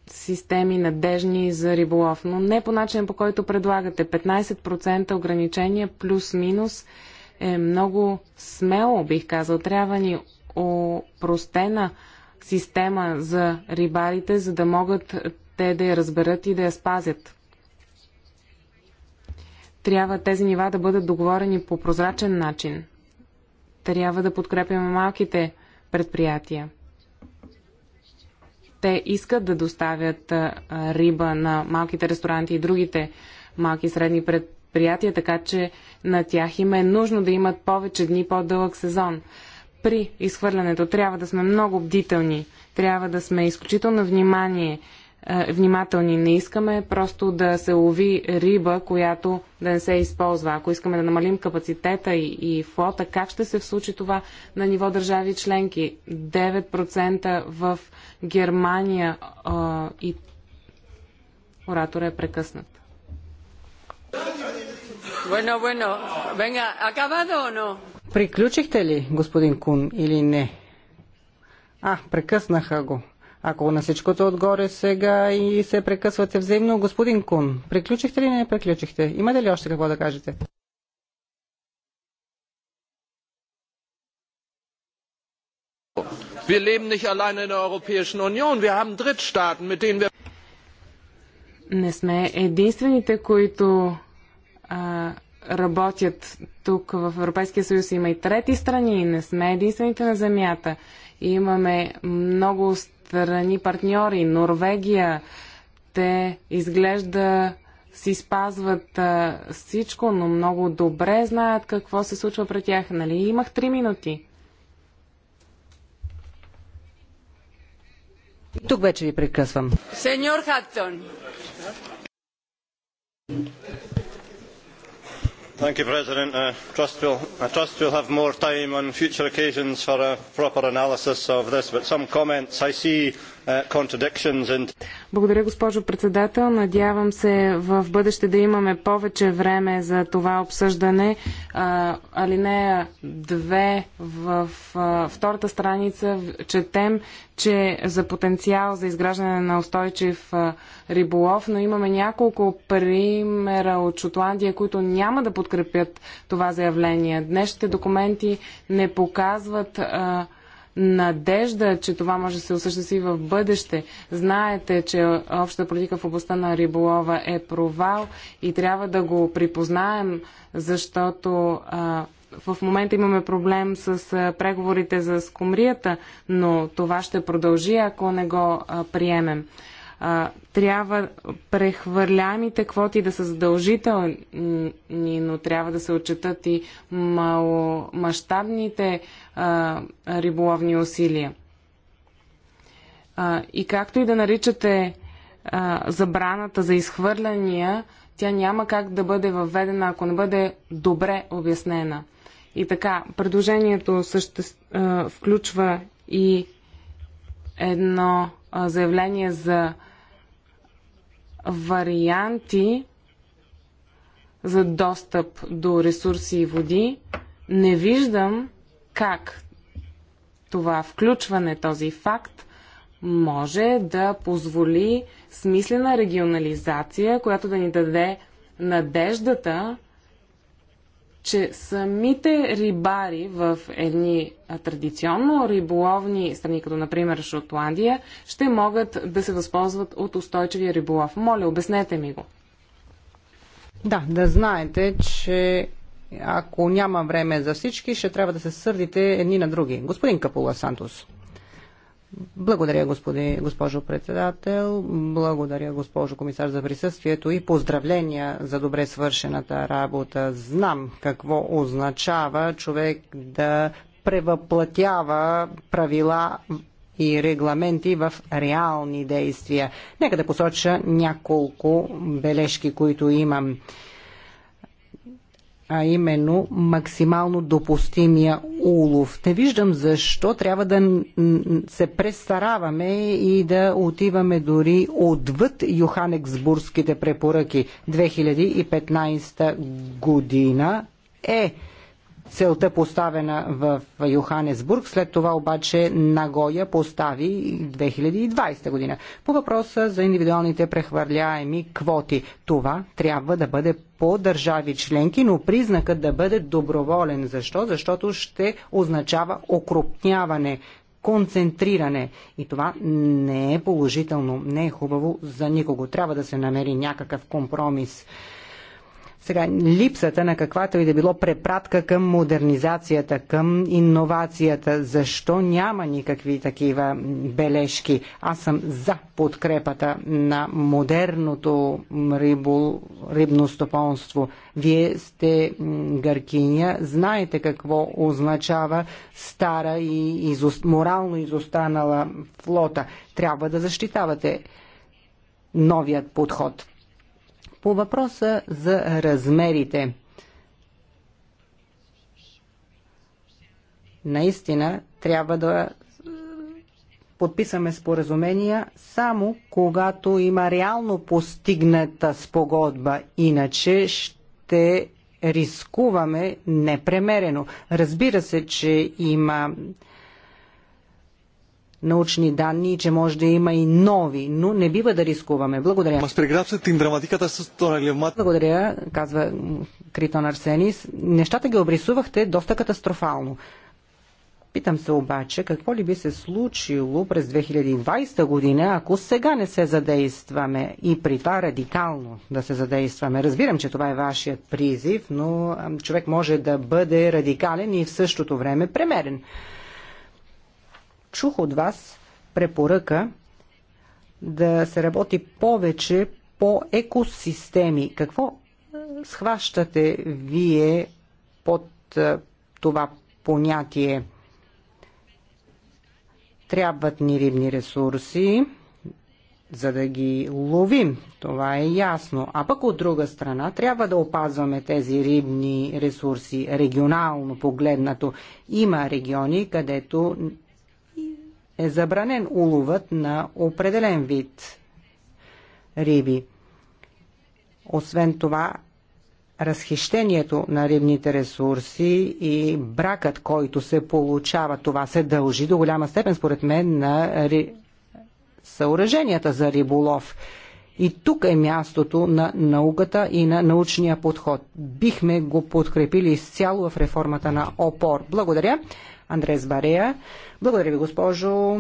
системи надежни за риболов, но не по начин по който предлагате. 15% ограничения плюс-минус е много смело, бих казал. Трябва ни опростена система за рибарите, за да могат те да я разберат и да я спазят. Трябва тези нива да бъдат договорени по прозрачен начин. Трябва да подкрепяме малките предприятия те искат да доставят риба на малките ресторанти и другите малки и средни предприятия, така че на тях им е нужно да имат повече дни по-дълъг сезон. При изхвърлянето трябва да сме много бдителни, трябва да сме изключително внимание е, внимателни. Не искаме просто да се лови риба, която да не се използва. Ако искаме да намалим капацитета и, и флота, как ще се случи това на ниво държави членки? 9% в Германия а, и оратора е прекъснат. Bueno, bueno. Venga, acabado o no? Приключихте ли, господин Кун, или не? А, прекъснаха го. Ако на всичкото отгоре сега и се прекъсвате взаимно, господин Кун, приключихте ли не приключихте? Имате ли още какво да кажете? Wir leben nicht alleine in der Europäischen Union. Wir haben Drittstaaten, mit denen wir. Не сме единствените, които а, работят тук в Европейския съюз. Има и трети страни. Не сме единствените на Земята. и Имаме много страни партньори, Норвегия, те изглежда си спазват а, всичко, но много добре знаят какво се случва пред тях. Нали? Имах три минути. Тук вече ви прекъсвам. Сеньор Хаттон mr president i trust we will have more time on future occasions for a proper analysis of this but some comments i see Uh, Благодаря, госпожо председател. Надявам се в бъдеще да имаме повече време за това обсъждане. алинея 2 в втората страница четем, че за потенциал за изграждане на устойчив риболов, но имаме няколко примера от Шотландия, които няма да подкрепят това заявление. Днешните документи не показват а, надежда, че това може да се осъществи в бъдеще. Знаете, че общата политика в областта на риболова е провал и трябва да го припознаем, защото а, в момента имаме проблем с а, преговорите за скумрията, но това ще продължи, ако не го а, приемем а, трябва прехвърлямите квоти да са задължителни, но трябва да се отчитат и маломащабните риболовни усилия. А, и както и да наричате а, забраната за изхвърляния, тя няма как да бъде въведена, ако не бъде добре обяснена. И така, предложението съще... включва и едно заявление за варианти за достъп до ресурси и води, не виждам как това включване, този факт, може да позволи смислена регионализация, която да ни даде надеждата, че самите рибари в едни традиционно риболовни страни, като например Шотландия, ще могат да се възползват от устойчивия риболов. Моля, обяснете ми го. Да, да знаете, че ако няма време за всички, ще трябва да се сърдите едни на други. Господин Капула Сантос. Благодаря, господи, госпожо председател. Благодаря, госпожо комисар, за присъствието и поздравления за добре свършената работа. Знам какво означава човек да превъплатява правила и регламенти в реални действия. Нека да посоча няколко бележки, които имам а именно максимално допустимия улов. Не виждам защо трябва да се престараваме и да отиваме дори отвъд Йоханексбургските препоръки 2015 година е целта поставена в Йоханесбург, след това обаче Нагоя постави 2020 година. По въпроса за индивидуалните прехвърляеми квоти, това трябва да бъде по държави членки, но признакът да бъде доброволен. Защо? Защото ще означава окрупняване, концентриране. И това не е положително, не е хубаво за никого. Трябва да се намери някакъв компромис. Сега, липсата на каквато и да било препратка към модернизацията, към иновацията, защо няма никакви такива бележки? Аз съм за подкрепата на модерното рибно стопонство. Вие сте гъркиня, знаете какво означава стара и изост, морално изостанала флота. Трябва да защитавате новият подход. По въпроса за размерите. Наистина трябва да подписваме споразумения само когато има реално постигната спогодба. Иначе ще рискуваме непремерено. Разбира се, че има научни данни и че може да има и нови, но не бива да рискуваме. Благодаря. Мас преграбсат την драматиката с τον Благодаря, казва Критон Арсенис. Нещата ги обрисувахте доста катастрофално. Питам се обаче, какво ли би се случило през 2020 година, ако сега не се задействаме и при това радикално да се задействаме? Разбирам, че това е вашият призив, но човек може да бъде радикален и в същото време премерен чух от вас препоръка да се работи повече по екосистеми. Какво е, схващате вие под е, това понятие? Трябват ни рибни ресурси, за да ги ловим. Това е ясно. А пък от друга страна трябва да опазваме тези рибни ресурси регионално погледнато. Има региони, където е забранен уловът на определен вид риби. Освен това, разхищението на рибните ресурси и бракът, който се получава, това се дължи до голяма степен, според мен, на ри... съоръженията за риболов. И тук е мястото на науката и на научния подход. Бихме го подкрепили изцяло в реформата на ОПОР. Благодаря. Андрес Барея. Благодаря ви, госпожо.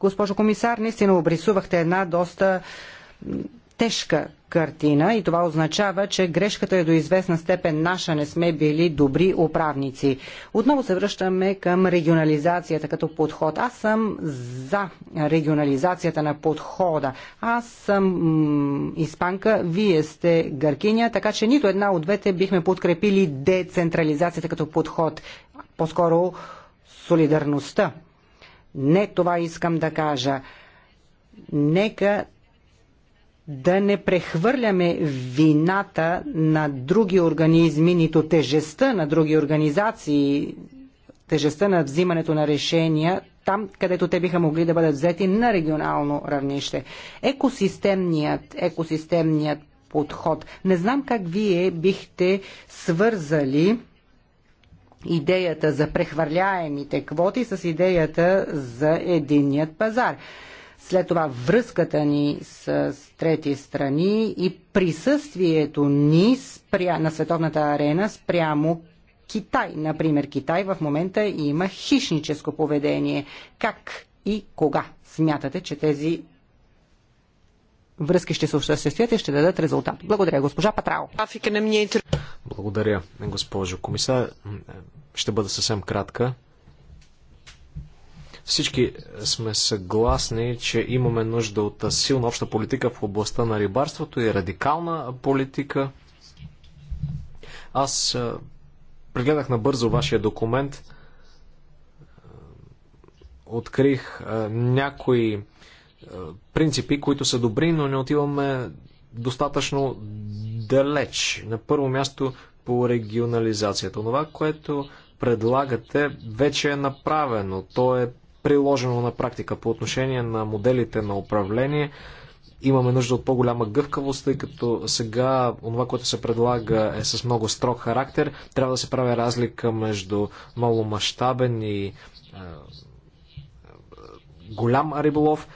Госпожо комисар, наистина обрисувахте една доста тежка картина и това означава, че грешката е до известна степен наша, не сме били добри управници. Отново се връщаме към регионализацията като подход. Аз съм за регионализацията на подхода. Аз съм испанка, вие сте гъркиня, така че нито една от двете бихме подкрепили децентрализацията като подход. По-скоро солидарността. Не това искам да кажа. Нека да не прехвърляме вината на други организми, нито тежестта на други организации, тежестта на взимането на решения там, където те биха могли да бъдат взети на регионално равнище. Екосистемният, екосистемният подход. Не знам как вие бихте свързали идеята за прехвърляемите квоти с идеята за единният пазар след това връзката ни с трети страни и присъствието ни спря, на световната арена спрямо Китай. Например, Китай в момента има хищническо поведение. Как и кога смятате, че тези връзки ще се осъществят и ще дадат резултат. Благодаря, госпожа Патрао. Е Благодаря, госпожо комисар. Ще бъда съвсем кратка. Всички сме съгласни, че имаме нужда от силна обща политика в областта на рибарството и радикална политика. Аз прегледах набързо вашия документ. Открих някои принципи, които са добри, но не отиваме достатъчно далеч. На първо място по регионализацията. Това, което предлагате, вече е направено. То е приложено на практика по отношение на моделите на управление. Имаме нужда от по-голяма гъвкавост, тъй като сега това, което се предлага е с много строг характер. Трябва да се прави разлика между маломащабен и е, голям риболов.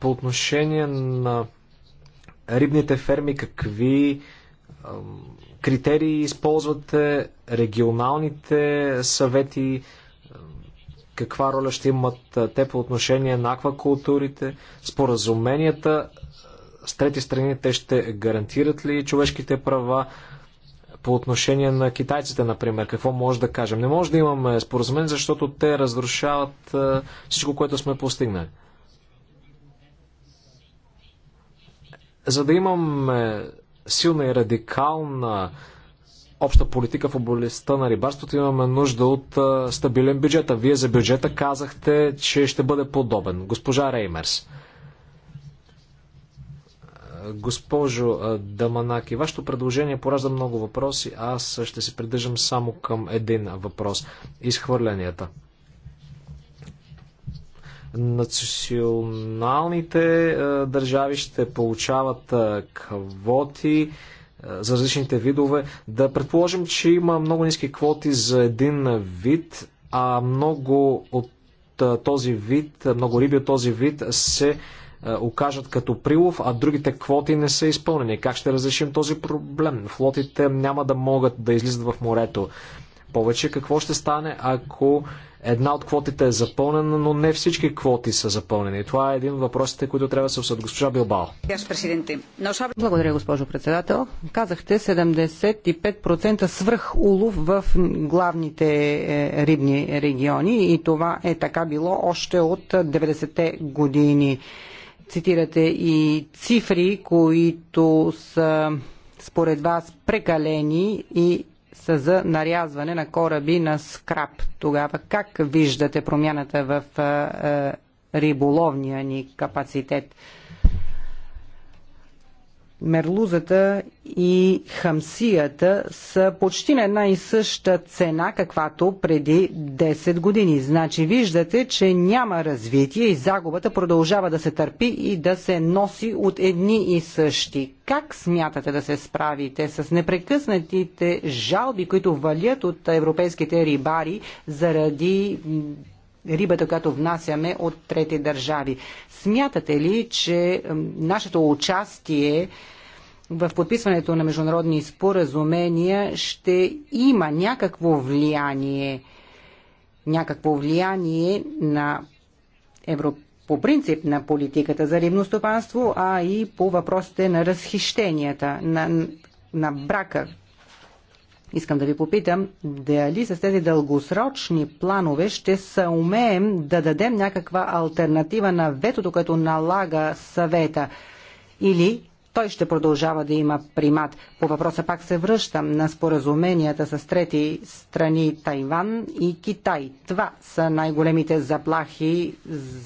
По отношение на рибните ферми, какви е, критерии използвате, регионалните съвети каква роля ще имат те по отношение на аквакултурите, споразуменията с трети страни, те ще гарантират ли човешките права по отношение на китайците, например? Какво може да кажем? Не може да имаме споразумение, защото те разрушават всичко, което сме постигнали. За да имаме силна и радикална обща политика в областта на рибарството имаме нужда от стабилен бюджет. А вие за бюджета казахте, че ще бъде подобен. Госпожа Реймерс. Госпожо Даманаки, вашето предложение поражда много въпроси. Аз ще се придържам само към един въпрос. Изхвърленията. Националните държави ще получават квоти е, за различните видове. Да предположим, че има много ниски квоти за един вид, а много от е, този вид, много риби от този вид се е, окажат като прилов, а другите квоти не са изпълнени. Как ще разрешим този проблем? Флотите няма да могат да излизат в морето повече. Какво ще стане, ако Една от квотите е запълнена, но не всички квоти са запълнени. Това е един от въпросите, които трябва да се обсъдят. Госпожа Билбао. Благодаря, госпожо председател. Казахте 75% свръх улов в главните е, рибни региони и това е така било още от 90-те години. Цитирате и цифри, които са според вас прекалени и са за нарязване на кораби на скраб. Тогава как виждате промяната в е, е, риболовния ни капацитет? мерлузата и хамсията са почти на една и съща цена, каквато преди 10 години. Значи виждате, че няма развитие и загубата продължава да се търпи и да се носи от едни и същи. Как смятате да се справите с непрекъснатите жалби, които валят от европейските рибари заради рибата, която внасяме от трети държави. Смятате ли, че нашето участие в подписването на международни споразумения ще има някакво влияние, някакво влияние на Европ... по принцип на политиката за рибно стопанство, а и по въпросите на разхищенията, на, на брака, Искам да ви попитам, дали с тези дългосрочни планове ще се умеем да дадем някаква альтернатива на ветото, което налага съвета? Или той ще продължава да има примат. По въпроса пак се връщам на споразуменията с трети страни Тайван и Китай. Това са най-големите заплахи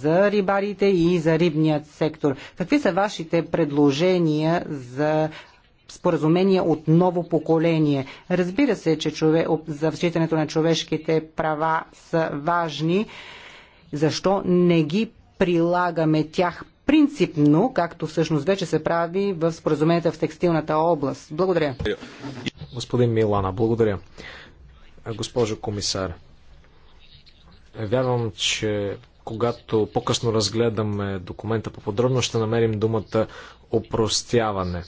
за рибарите и за рибният сектор. Какви са вашите предложения за споразумения от ново поколение. Разбира се, че чове... защитането на човешките права са важни. Защо не ги прилагаме тях принципно, както всъщност вече се прави в споразуменията в текстилната област? Благодаря. Господин Милана, благодаря. Госпожо комисар, вярвам, че когато по-късно разгледаме документа по подробно, ще намерим думата опростяване.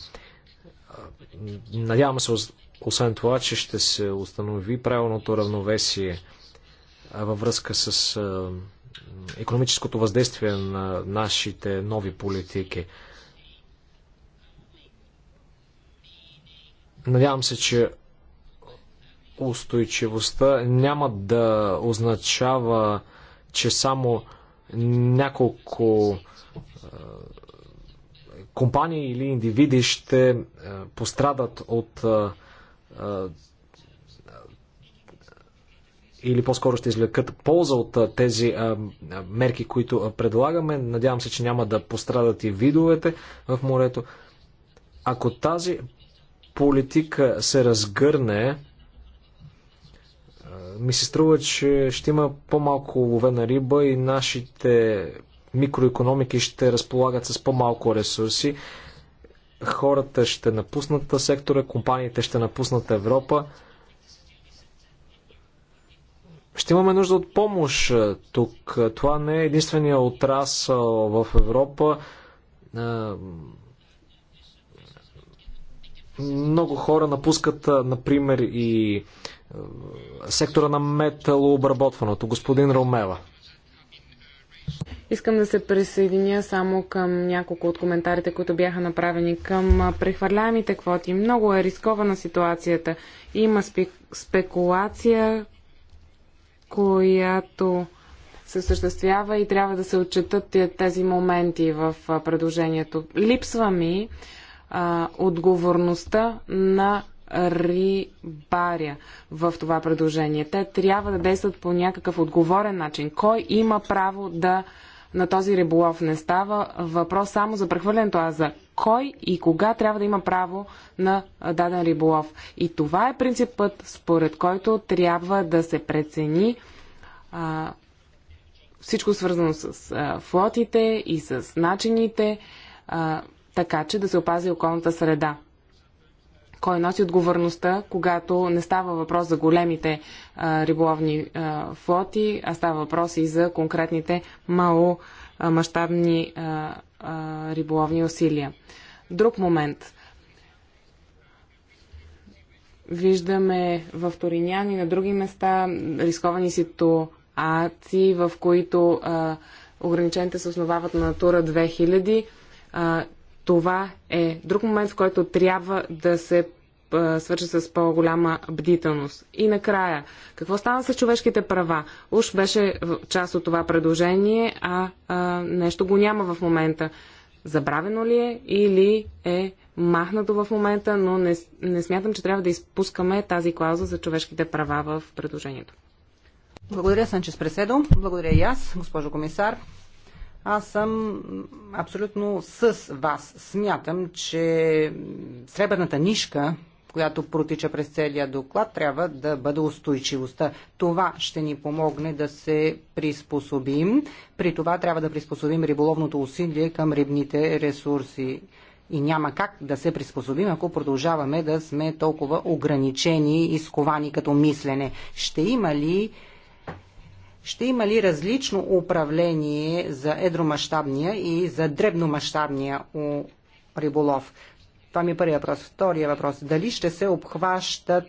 Надявам се, освен това, че ще се установи правилното равновесие във връзка с економическото въздействие на нашите нови политики. Надявам се, че устойчивостта няма да означава, че само няколко компании или индивиди ще е, пострадат от е, е, или по-скоро ще извлекат полза от тези мерки, които предлагаме. Надявам се, че няма да пострадат и видовете в морето. Ако тази политика се разгърне, ми се струва, че ще има по-малко ловена риба и нашите микроекономики ще разполагат с по-малко ресурси, хората ще напуснат сектора, компаниите ще напуснат Европа. Ще имаме нужда от помощ тук. Това не е единствения отрасъл в Европа. Много хора напускат, например, и сектора на металообработването. Господин Ромела. Искам да се присъединя само към няколко от коментарите, които бяха направени към прехвърляемите квоти. Много е рискована ситуацията. Има спекулация, която се съществява и трябва да се отчетат тези моменти в предложението. Липсва ми а, отговорността на рибаря в това предложение. Те трябва да действат по някакъв отговорен начин. Кой има право да на този риболов не става въпрос само за прехвърлянето, а за кой и кога трябва да има право на даден риболов. И това е принципът, според който трябва да се прецени а, всичко свързано с а, флотите и с начините, а, така че да се опази околната среда кой носи отговорността, когато не става въпрос за големите а, риболовни а, флоти, а става въпрос и за конкретните мало а, а, риболовни усилия. Друг момент. Виждаме в Торинян и на други места рисковани ситуации, в които а, ограниченията се основават на Натура 2000. А, това е друг момент, в който трябва да се свърши с по-голяма бдителност. И накрая, какво стана с човешките права? Уж беше част от това предложение, а, а нещо го няма в момента. Забравено ли е или е махнато в момента, но не, не смятам, че трябва да изпускаме тази клауза за човешките права в предложението. Благодаря, Санчес Преседо. Благодаря и аз, госпожо комисар. Аз съм абсолютно с вас. Смятам, че сребърната нишка, която протича през целия доклад, трябва да бъде устойчивостта. Това ще ни помогне да се приспособим. При това трябва да приспособим риболовното усилие към рибните ресурси. И няма как да се приспособим, ако продължаваме да сме толкова ограничени и сковани като мислене. Ще има ли ще има ли различно управление за едромащабния и за дребномащабния риболов? Това ми е първият въпрос. Втория въпрос. Дали ще се обхващат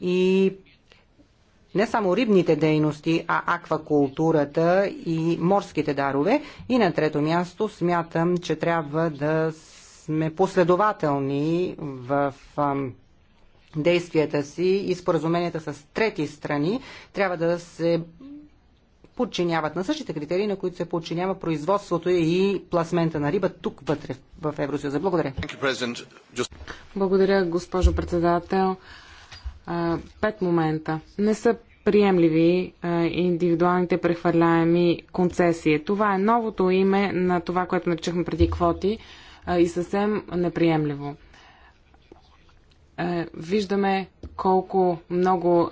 и не само рибните дейности, а аквакултурата и морските дарове. И на трето място смятам, че трябва да сме последователни в действията си и споразуменията с трети страни. Трябва да се подчиняват на същите критерии, на които се подчинява производството и пласмента на риба тук вътре в Евросъюза. Благодаря. Благодаря, госпожо председател. Пет момента. Не са приемливи индивидуалните прехвърляеми концесии. Това е новото име на това, което наричахме преди квоти и съвсем неприемливо виждаме колко много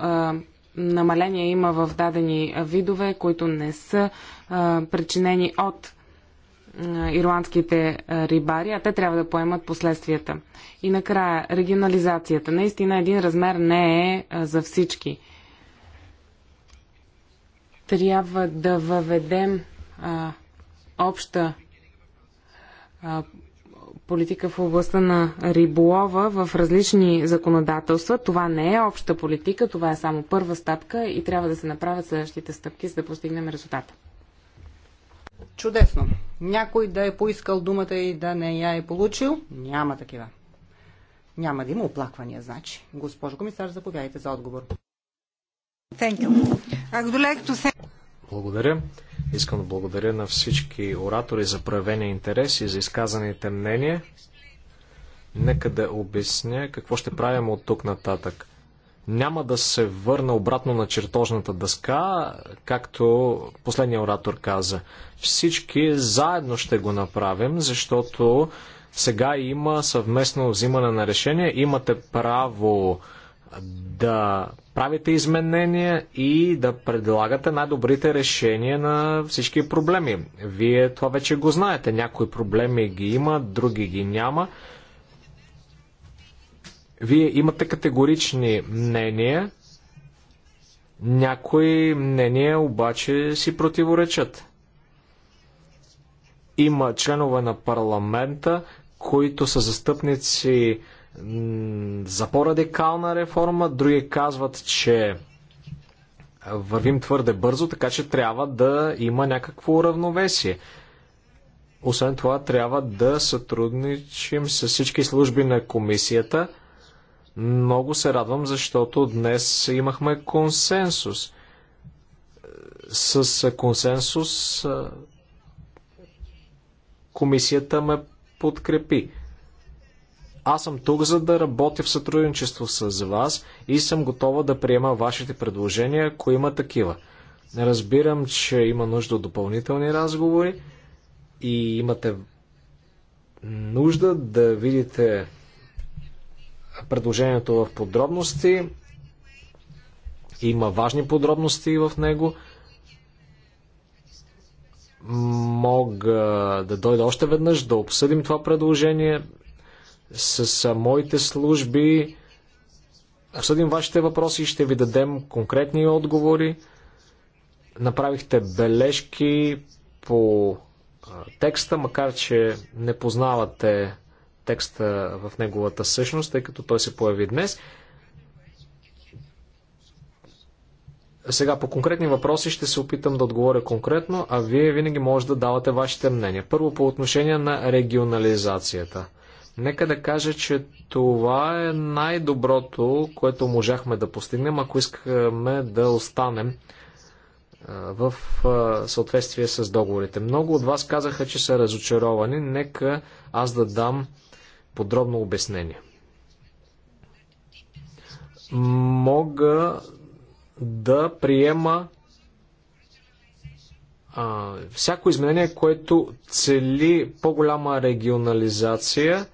намаление има в дадени видове, които не са причинени от ирландските рибари, а те трябва да поемат последствията. И накрая, регионализацията. Наистина един размер не е за всички. Трябва да въведем а, обща а, политика в областта на риболова в различни законодателства. Това не е обща политика, това е само първа стъпка и трябва да се направят следващите стъпки, за да постигнем резултата. Чудесно. Някой да е поискал думата и да не я е получил? Няма такива. Няма да има оплаквания, значи. Госпожо комисар, заповядайте за отговор. Thank you. Благодаря. Искам да благодаря на всички оратори за проявения интерес и за изказаните мнения. Нека да обясня какво ще правим от тук нататък. Няма да се върна обратно на чертожната дъска, както последния оратор каза. Всички заедно ще го направим, защото сега има съвместно взимане на решение. Имате право да правите изменения и да предлагате най-добрите решения на всички проблеми. Вие това вече го знаете. Някои проблеми ги има, други ги няма. Вие имате категорични мнения. Някои мнения обаче си противоречат. Има членове на парламента, които са застъпници за по-радикална реформа, други казват, че вървим твърде бързо, така че трябва да има някакво равновесие. Освен това, трябва да сътрудничим с всички служби на комисията. Много се радвам, защото днес имахме консенсус. С консенсус комисията ме подкрепи. Аз съм тук, за да работя в сътрудничество с вас и съм готова да приема вашите предложения, ако има такива. Разбирам, че има нужда от допълнителни разговори и имате нужда да видите предложението в подробности. Има важни подробности в него. Мога да дойда още веднъж да обсъдим това предложение с моите служби, обсъдим вашите въпроси и ще ви дадем конкретни отговори. Направихте бележки по текста, макар че не познавате текста в неговата същност, тъй като той се появи днес. Сега по конкретни въпроси ще се опитам да отговоря конкретно, а вие винаги може да давате вашите мнения. Първо по отношение на регионализацията. Нека да кажа, че това е най-доброто, което можахме да постигнем, ако искаме да останем в съответствие с договорите. Много от вас казаха, че са разочаровани. Нека аз да дам подробно обяснение. Мога да приема а, всяко изменение, което цели по-голяма регионализация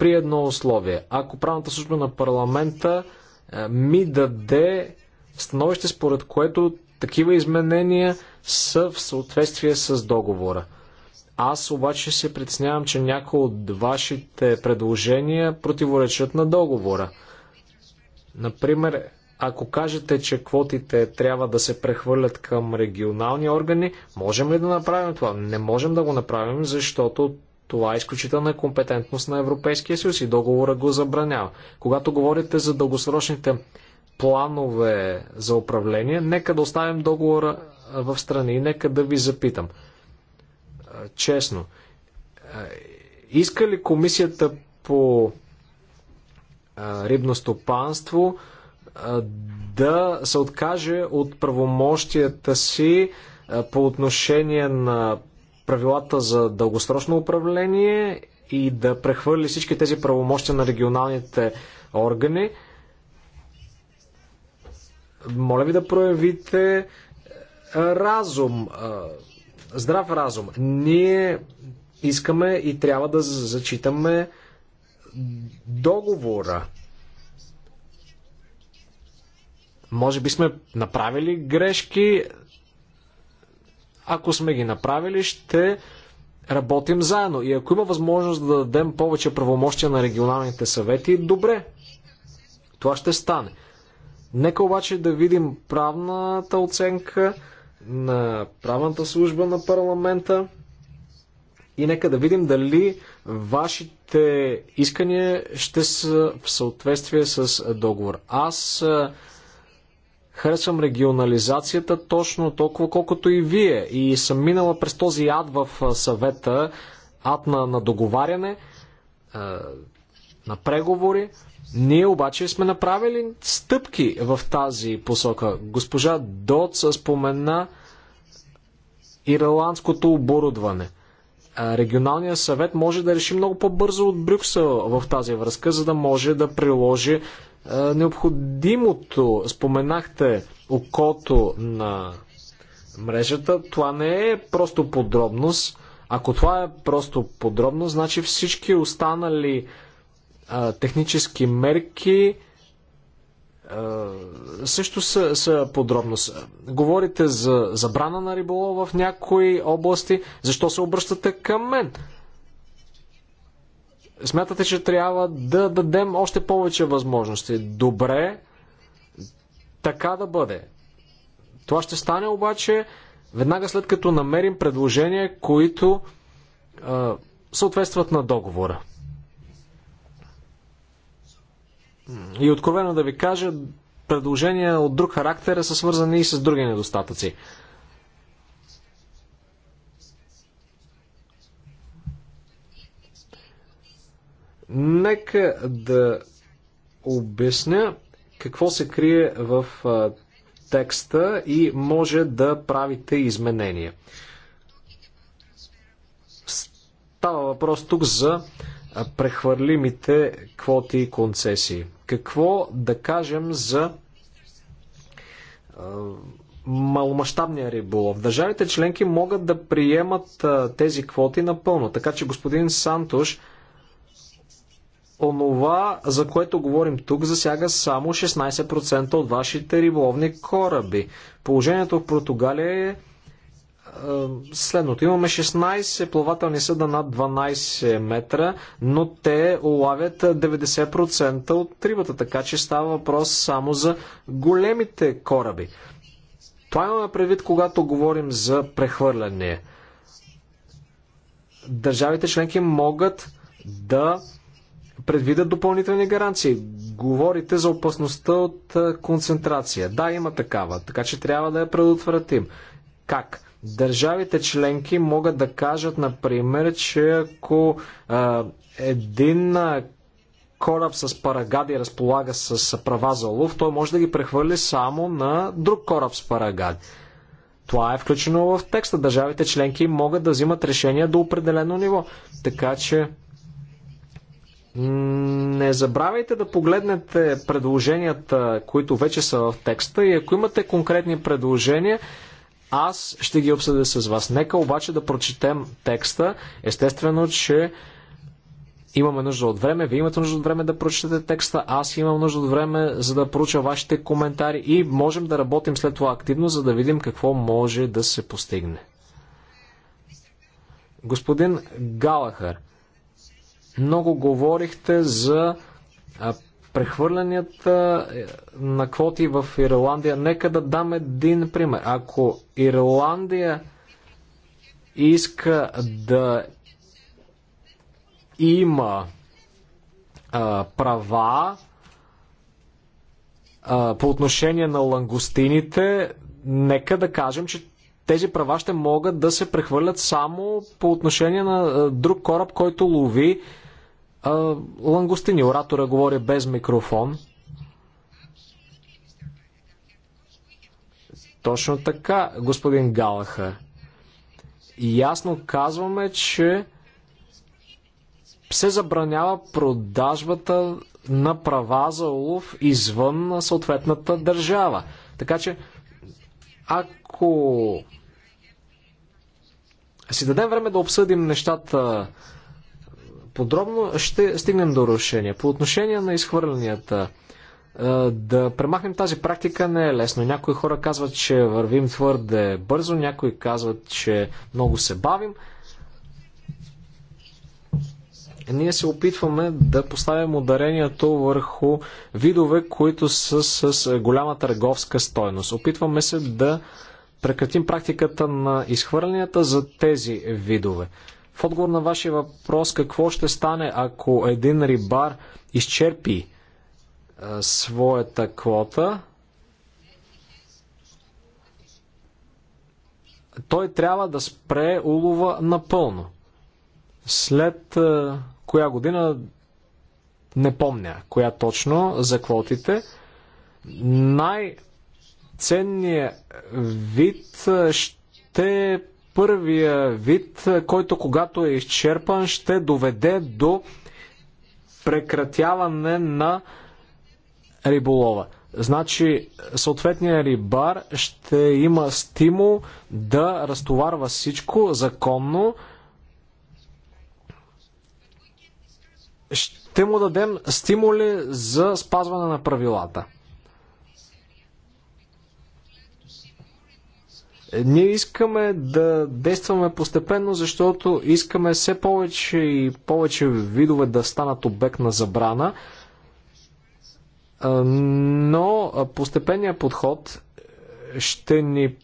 при едно условие. Ако правната служба на парламента е, ми даде становище, според което такива изменения са в съответствие с договора. Аз обаче се притеснявам, че някои от вашите предложения противоречат на договора. Например, ако кажете, че квотите трябва да се прехвърлят към регионални органи, можем ли да направим това? Не можем да го направим, защото това е изключителна компетентност на Европейския съюз и договора го забранява. Когато говорите за дългосрочните планове за управление, нека да оставим договора в страни и нека да ви запитам. Честно, иска ли комисията по рибно стопанство да се откаже от правомощията си по отношение на правилата за дългосрочно управление и да прехвърли всички тези правомощия на регионалните органи. Моля ви да проявите е, разум, е, здрав разум. Ние искаме и трябва да зачитаме договора. Може би сме направили грешки, ако сме ги направили, ще работим заедно. И ако има възможност да дадем повече правомощия на регионалните съвети, добре. Това ще стане. Нека обаче да видим правната оценка на правната служба на парламента и нека да видим дали вашите искания ще са в съответствие с договор. Аз Харесвам регионализацията точно толкова, колкото и вие. И съм минала през този ад в съвета, ад на, на договаряне, на преговори. Ние обаче сме направили стъпки в тази посока. Госпожа Доц спомена ирландското оборудване. Регионалният съвет може да реши много по-бързо от Брюксел в тази връзка, за да може да приложи необходимото. Споменахте окото на мрежата. Това не е просто подробност. Ако това е просто подробно, значи всички останали а, технически мерки а, също са, са подробност. Говорите за забрана на риболова в някои области. Защо се обръщате към мен? Смятате, че трябва да дадем още повече възможности. Добре, така да бъде. Това ще стане обаче веднага след като намерим предложения, които а, съответстват на договора. И откровено да ви кажа, предложения от друг характер са свързани и с други недостатъци. Нека да обясня какво се крие в текста и може да правите изменения. Става въпрос тук за прехвърлимите квоти и концесии. Какво да кажем за маломащабния риболов. Държавите членки могат да приемат тези квоти напълно. Така че господин Сантош онова, за което говорим тук, засяга само 16% от вашите риболовни кораби. Положението в Португалия е следното. Имаме 16 плавателни съда над 12 метра, но те улавят 90% от рибата, така че става въпрос само за големите кораби. Това имаме предвид, когато говорим за прехвърляне. Държавите членки могат да предвидят допълнителни гаранции. Говорите за опасността от концентрация. Да, има такава, така че трябва да я предотвратим. Как? Държавите членки могат да кажат, например, че ако а, един кораб с парагади разполага с права за лов, той може да ги прехвърли само на друг кораб с парагади. Това е включено в текста. Държавите членки могат да взимат решения до определено ниво. Така че не забравяйте да погледнете предложенията, които вече са в текста и ако имате конкретни предложения, аз ще ги обсъдя с вас. Нека обаче да прочетем текста. Естествено, че имаме нужда от време, вие имате нужда от време да прочетете текста, аз имам нужда от време, за да проуча вашите коментари и можем да работим след това активно, за да видим какво може да се постигне. Господин Галахър, много говорихте за прехвърлянията е, на квоти в Ирландия. Нека да дам един пример. Ако Ирландия иска да има а, права а, по отношение на лангустините, нека да кажем, че тези права ще могат да се прехвърлят само по отношение на друг кораб, който лови лангустини. Оратора говори без микрофон. Точно така, господин Галаха. Ясно казваме, че се забранява продажбата на права за улов извън съответната държава. Така че, ако си дадем време да обсъдим нещата подробно, ще стигнем до решение. По отношение на изхвърлянията, е, да премахнем тази практика не е лесно. Някои хора казват, че вървим твърде бързо, някои казват, че много се бавим. Ние се опитваме да поставим ударението върху видове, които са с голяма търговска стойност. Опитваме се да прекратим практиката на изхвърлянията за тези видове. В отговор на вашия въпрос, какво ще стане, ако един рибар изчерпи а, е, своята квота, той трябва да спре улова напълно. След а, е, коя година, не помня коя точно, за квотите, най-ценният вид е, ще първия вид, който когато е изчерпан, ще доведе до прекратяване на риболова. Значи, съответният рибар ще има стимул да разтоварва всичко законно. Ще му дадем стимули за спазване на правилата. Е, ние искаме да действаме постепенно, защото искаме все повече и повече видове да станат обект на забрана. Е, но е, постепенният подход ще ни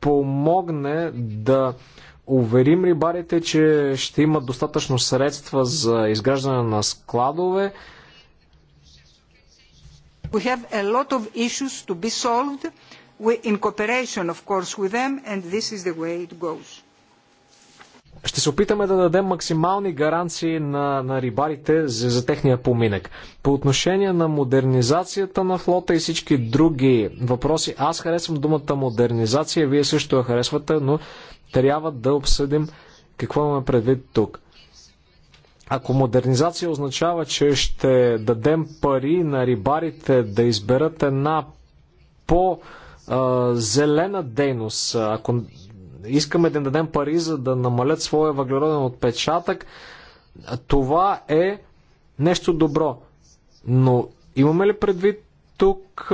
помогне да уверим рибарите, че ще имат достатъчно средства за изграждане на складове. We have a lot of issues to be solved in cooperation of course with them and this is the way it goes. Ще се опитаме да дадем максимални гаранции на, на рибарите за, за техния поминък. По отношение на модернизацията на флота и всички други въпроси, аз харесвам думата модернизация, вие също я харесвате, но трябва да обсъдим какво имаме предвид тук. Ако модернизация означава, че ще дадем пари на рибарите да изберат една по- зелена дейност. Ако искаме да им дадем пари, за да намалят своя въглероден отпечатък, това е нещо добро. Но имаме ли предвид тук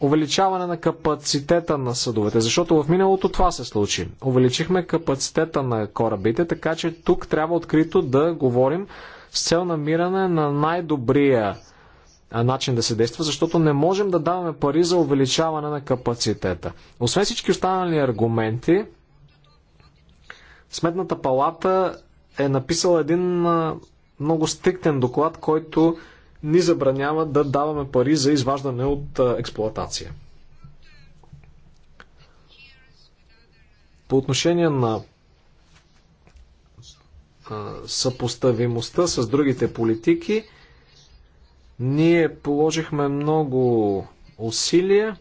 увеличаване на капацитета на съдовете, защото в миналото това се случи. Увеличихме капацитета на корабите, така че тук трябва открито да говорим с цел намиране на най-добрия начин да се действа, защото не можем да даваме пари за увеличаване на капацитета. Освен всички останали аргументи, Сметната палата е написала един много стриктен доклад, който ни забранява да даваме пари за изваждане от експлоатация. По отношение на съпоставимостта с другите политики, ние положихме много усилия.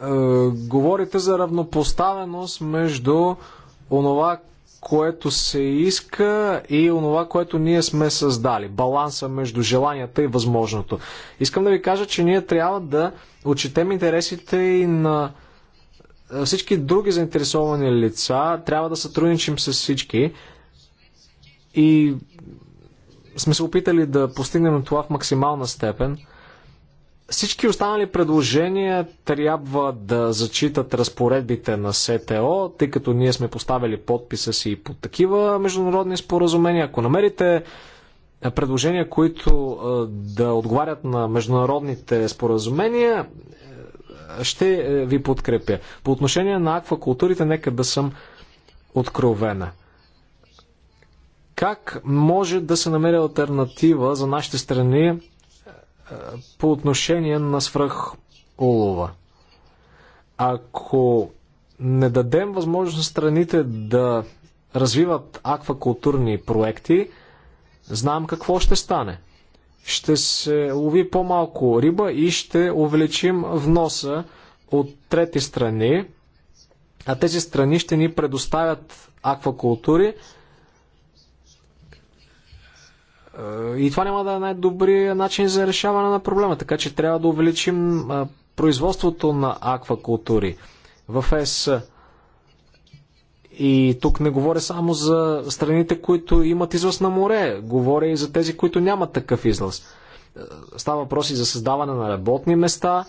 Е, говорите за равнопоставеност между онова, което се иска и онова, което ние сме създали. Баланса между желанията и възможното. Искам да ви кажа, че ние трябва да отчетем интересите и на всички други заинтересовани лица трябва да сътрудничим с всички и сме се опитали да постигнем това в максимална степен. Всички останали предложения трябва да зачитат разпоредбите на СТО, тъй като ние сме поставили подписа си и под такива международни споразумения. Ако намерите предложения, които да отговарят на международните споразумения, ще е, ви подкрепя. По отношение на аквакултурите, нека да съм откровена. Как може да се намери альтернатива за нашите страни е, по отношение на улова? Ако не дадем възможност на страните да развиват аквакултурни проекти, знам какво ще стане ще се лови по-малко риба и ще увеличим вноса от трети страни, а тези страни ще ни предоставят аквакултури. Е, и това няма да е най-добрият начин за решаване на проблема, така че трябва да увеличим производството на аквакултури в ЕС. И тук не говоря само за страните, които имат излъз на море, говоря и за тези, които нямат такъв излъз. Е, става въпрос и за създаване на работни места.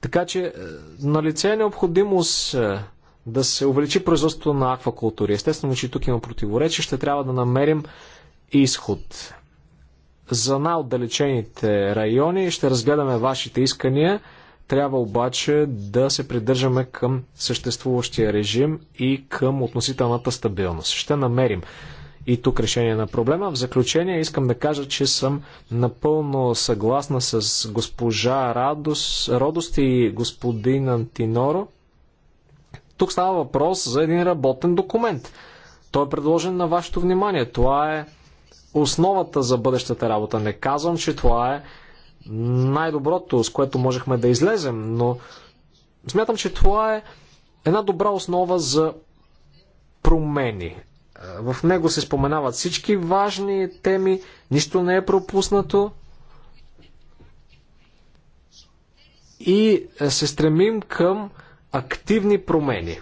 Така че е, на лице е необходимост е, да се увеличи производството на аквакултури. Естествено, че тук има противоречие, ще трябва да намерим изход. За най-отдалечените райони ще разгледаме вашите искания – трябва обаче да се придържаме към съществуващия режим и към относителната стабилност. Ще намерим и тук решение на проблема. В заключение искам да кажа, че съм напълно съгласна с госпожа Радос, Родост и господин Антиноро. Тук става въпрос за един работен документ. Той е предложен на вашето внимание. Това е основата за бъдещата работа. Не казвам, че това е най-доброто, с което можехме да излезем, но смятам, че това е една добра основа за промени. В него се споменават всички важни теми, нищо не е пропуснато и се стремим към активни промени.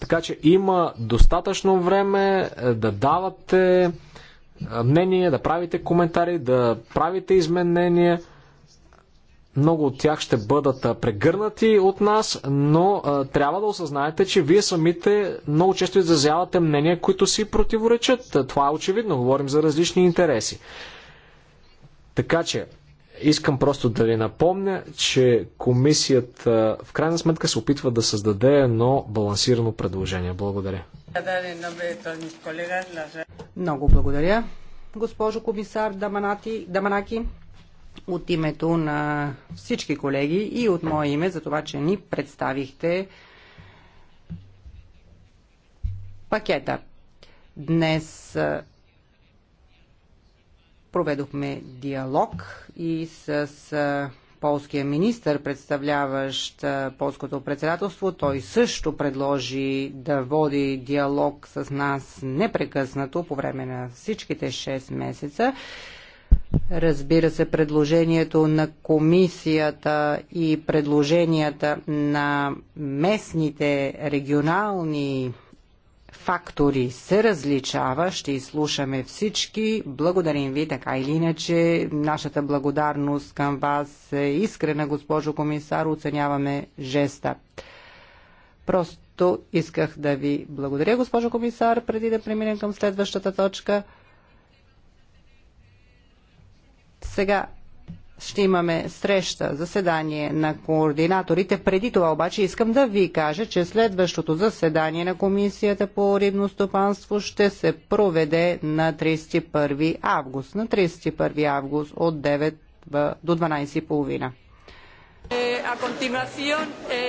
Така че има достатъчно време да давате мнение, да правите коментари, да правите изменения. Много от тях ще бъдат прегърнати от нас, но а, трябва да осъзнаете, че вие самите много често изразявате мнения, които си противоречат. Това е очевидно. Говорим за различни интереси. Така че, искам просто да ви напомня, че комисията в крайна сметка се опитва да създаде едно балансирано предложение. Благодаря. Много благодаря, госпожо комисар Даманати, Даманаки, от името на всички колеги и от мое име за това, че ни представихте пакета. Днес проведохме диалог и с полския министр, представляващ полското председателство. Той също предложи да води диалог с нас непрекъснато по време на всичките 6 месеца. Разбира се, предложението на комисията и предложенията на местните регионални фактори се различава. Ще изслушаме всички. Благодарим ви така или иначе. Нашата благодарност към вас е искрена, госпожо комисар. Оценяваме жеста. Просто исках да ви благодаря, госпожо комисар, преди да преминем към следващата точка. Сега ще имаме среща, заседание на координаторите. Преди това обаче искам да ви кажа, че следващото заседание на Комисията по рибно стопанство ще се проведе на 31 август. На 31 август от 9 до 12.30.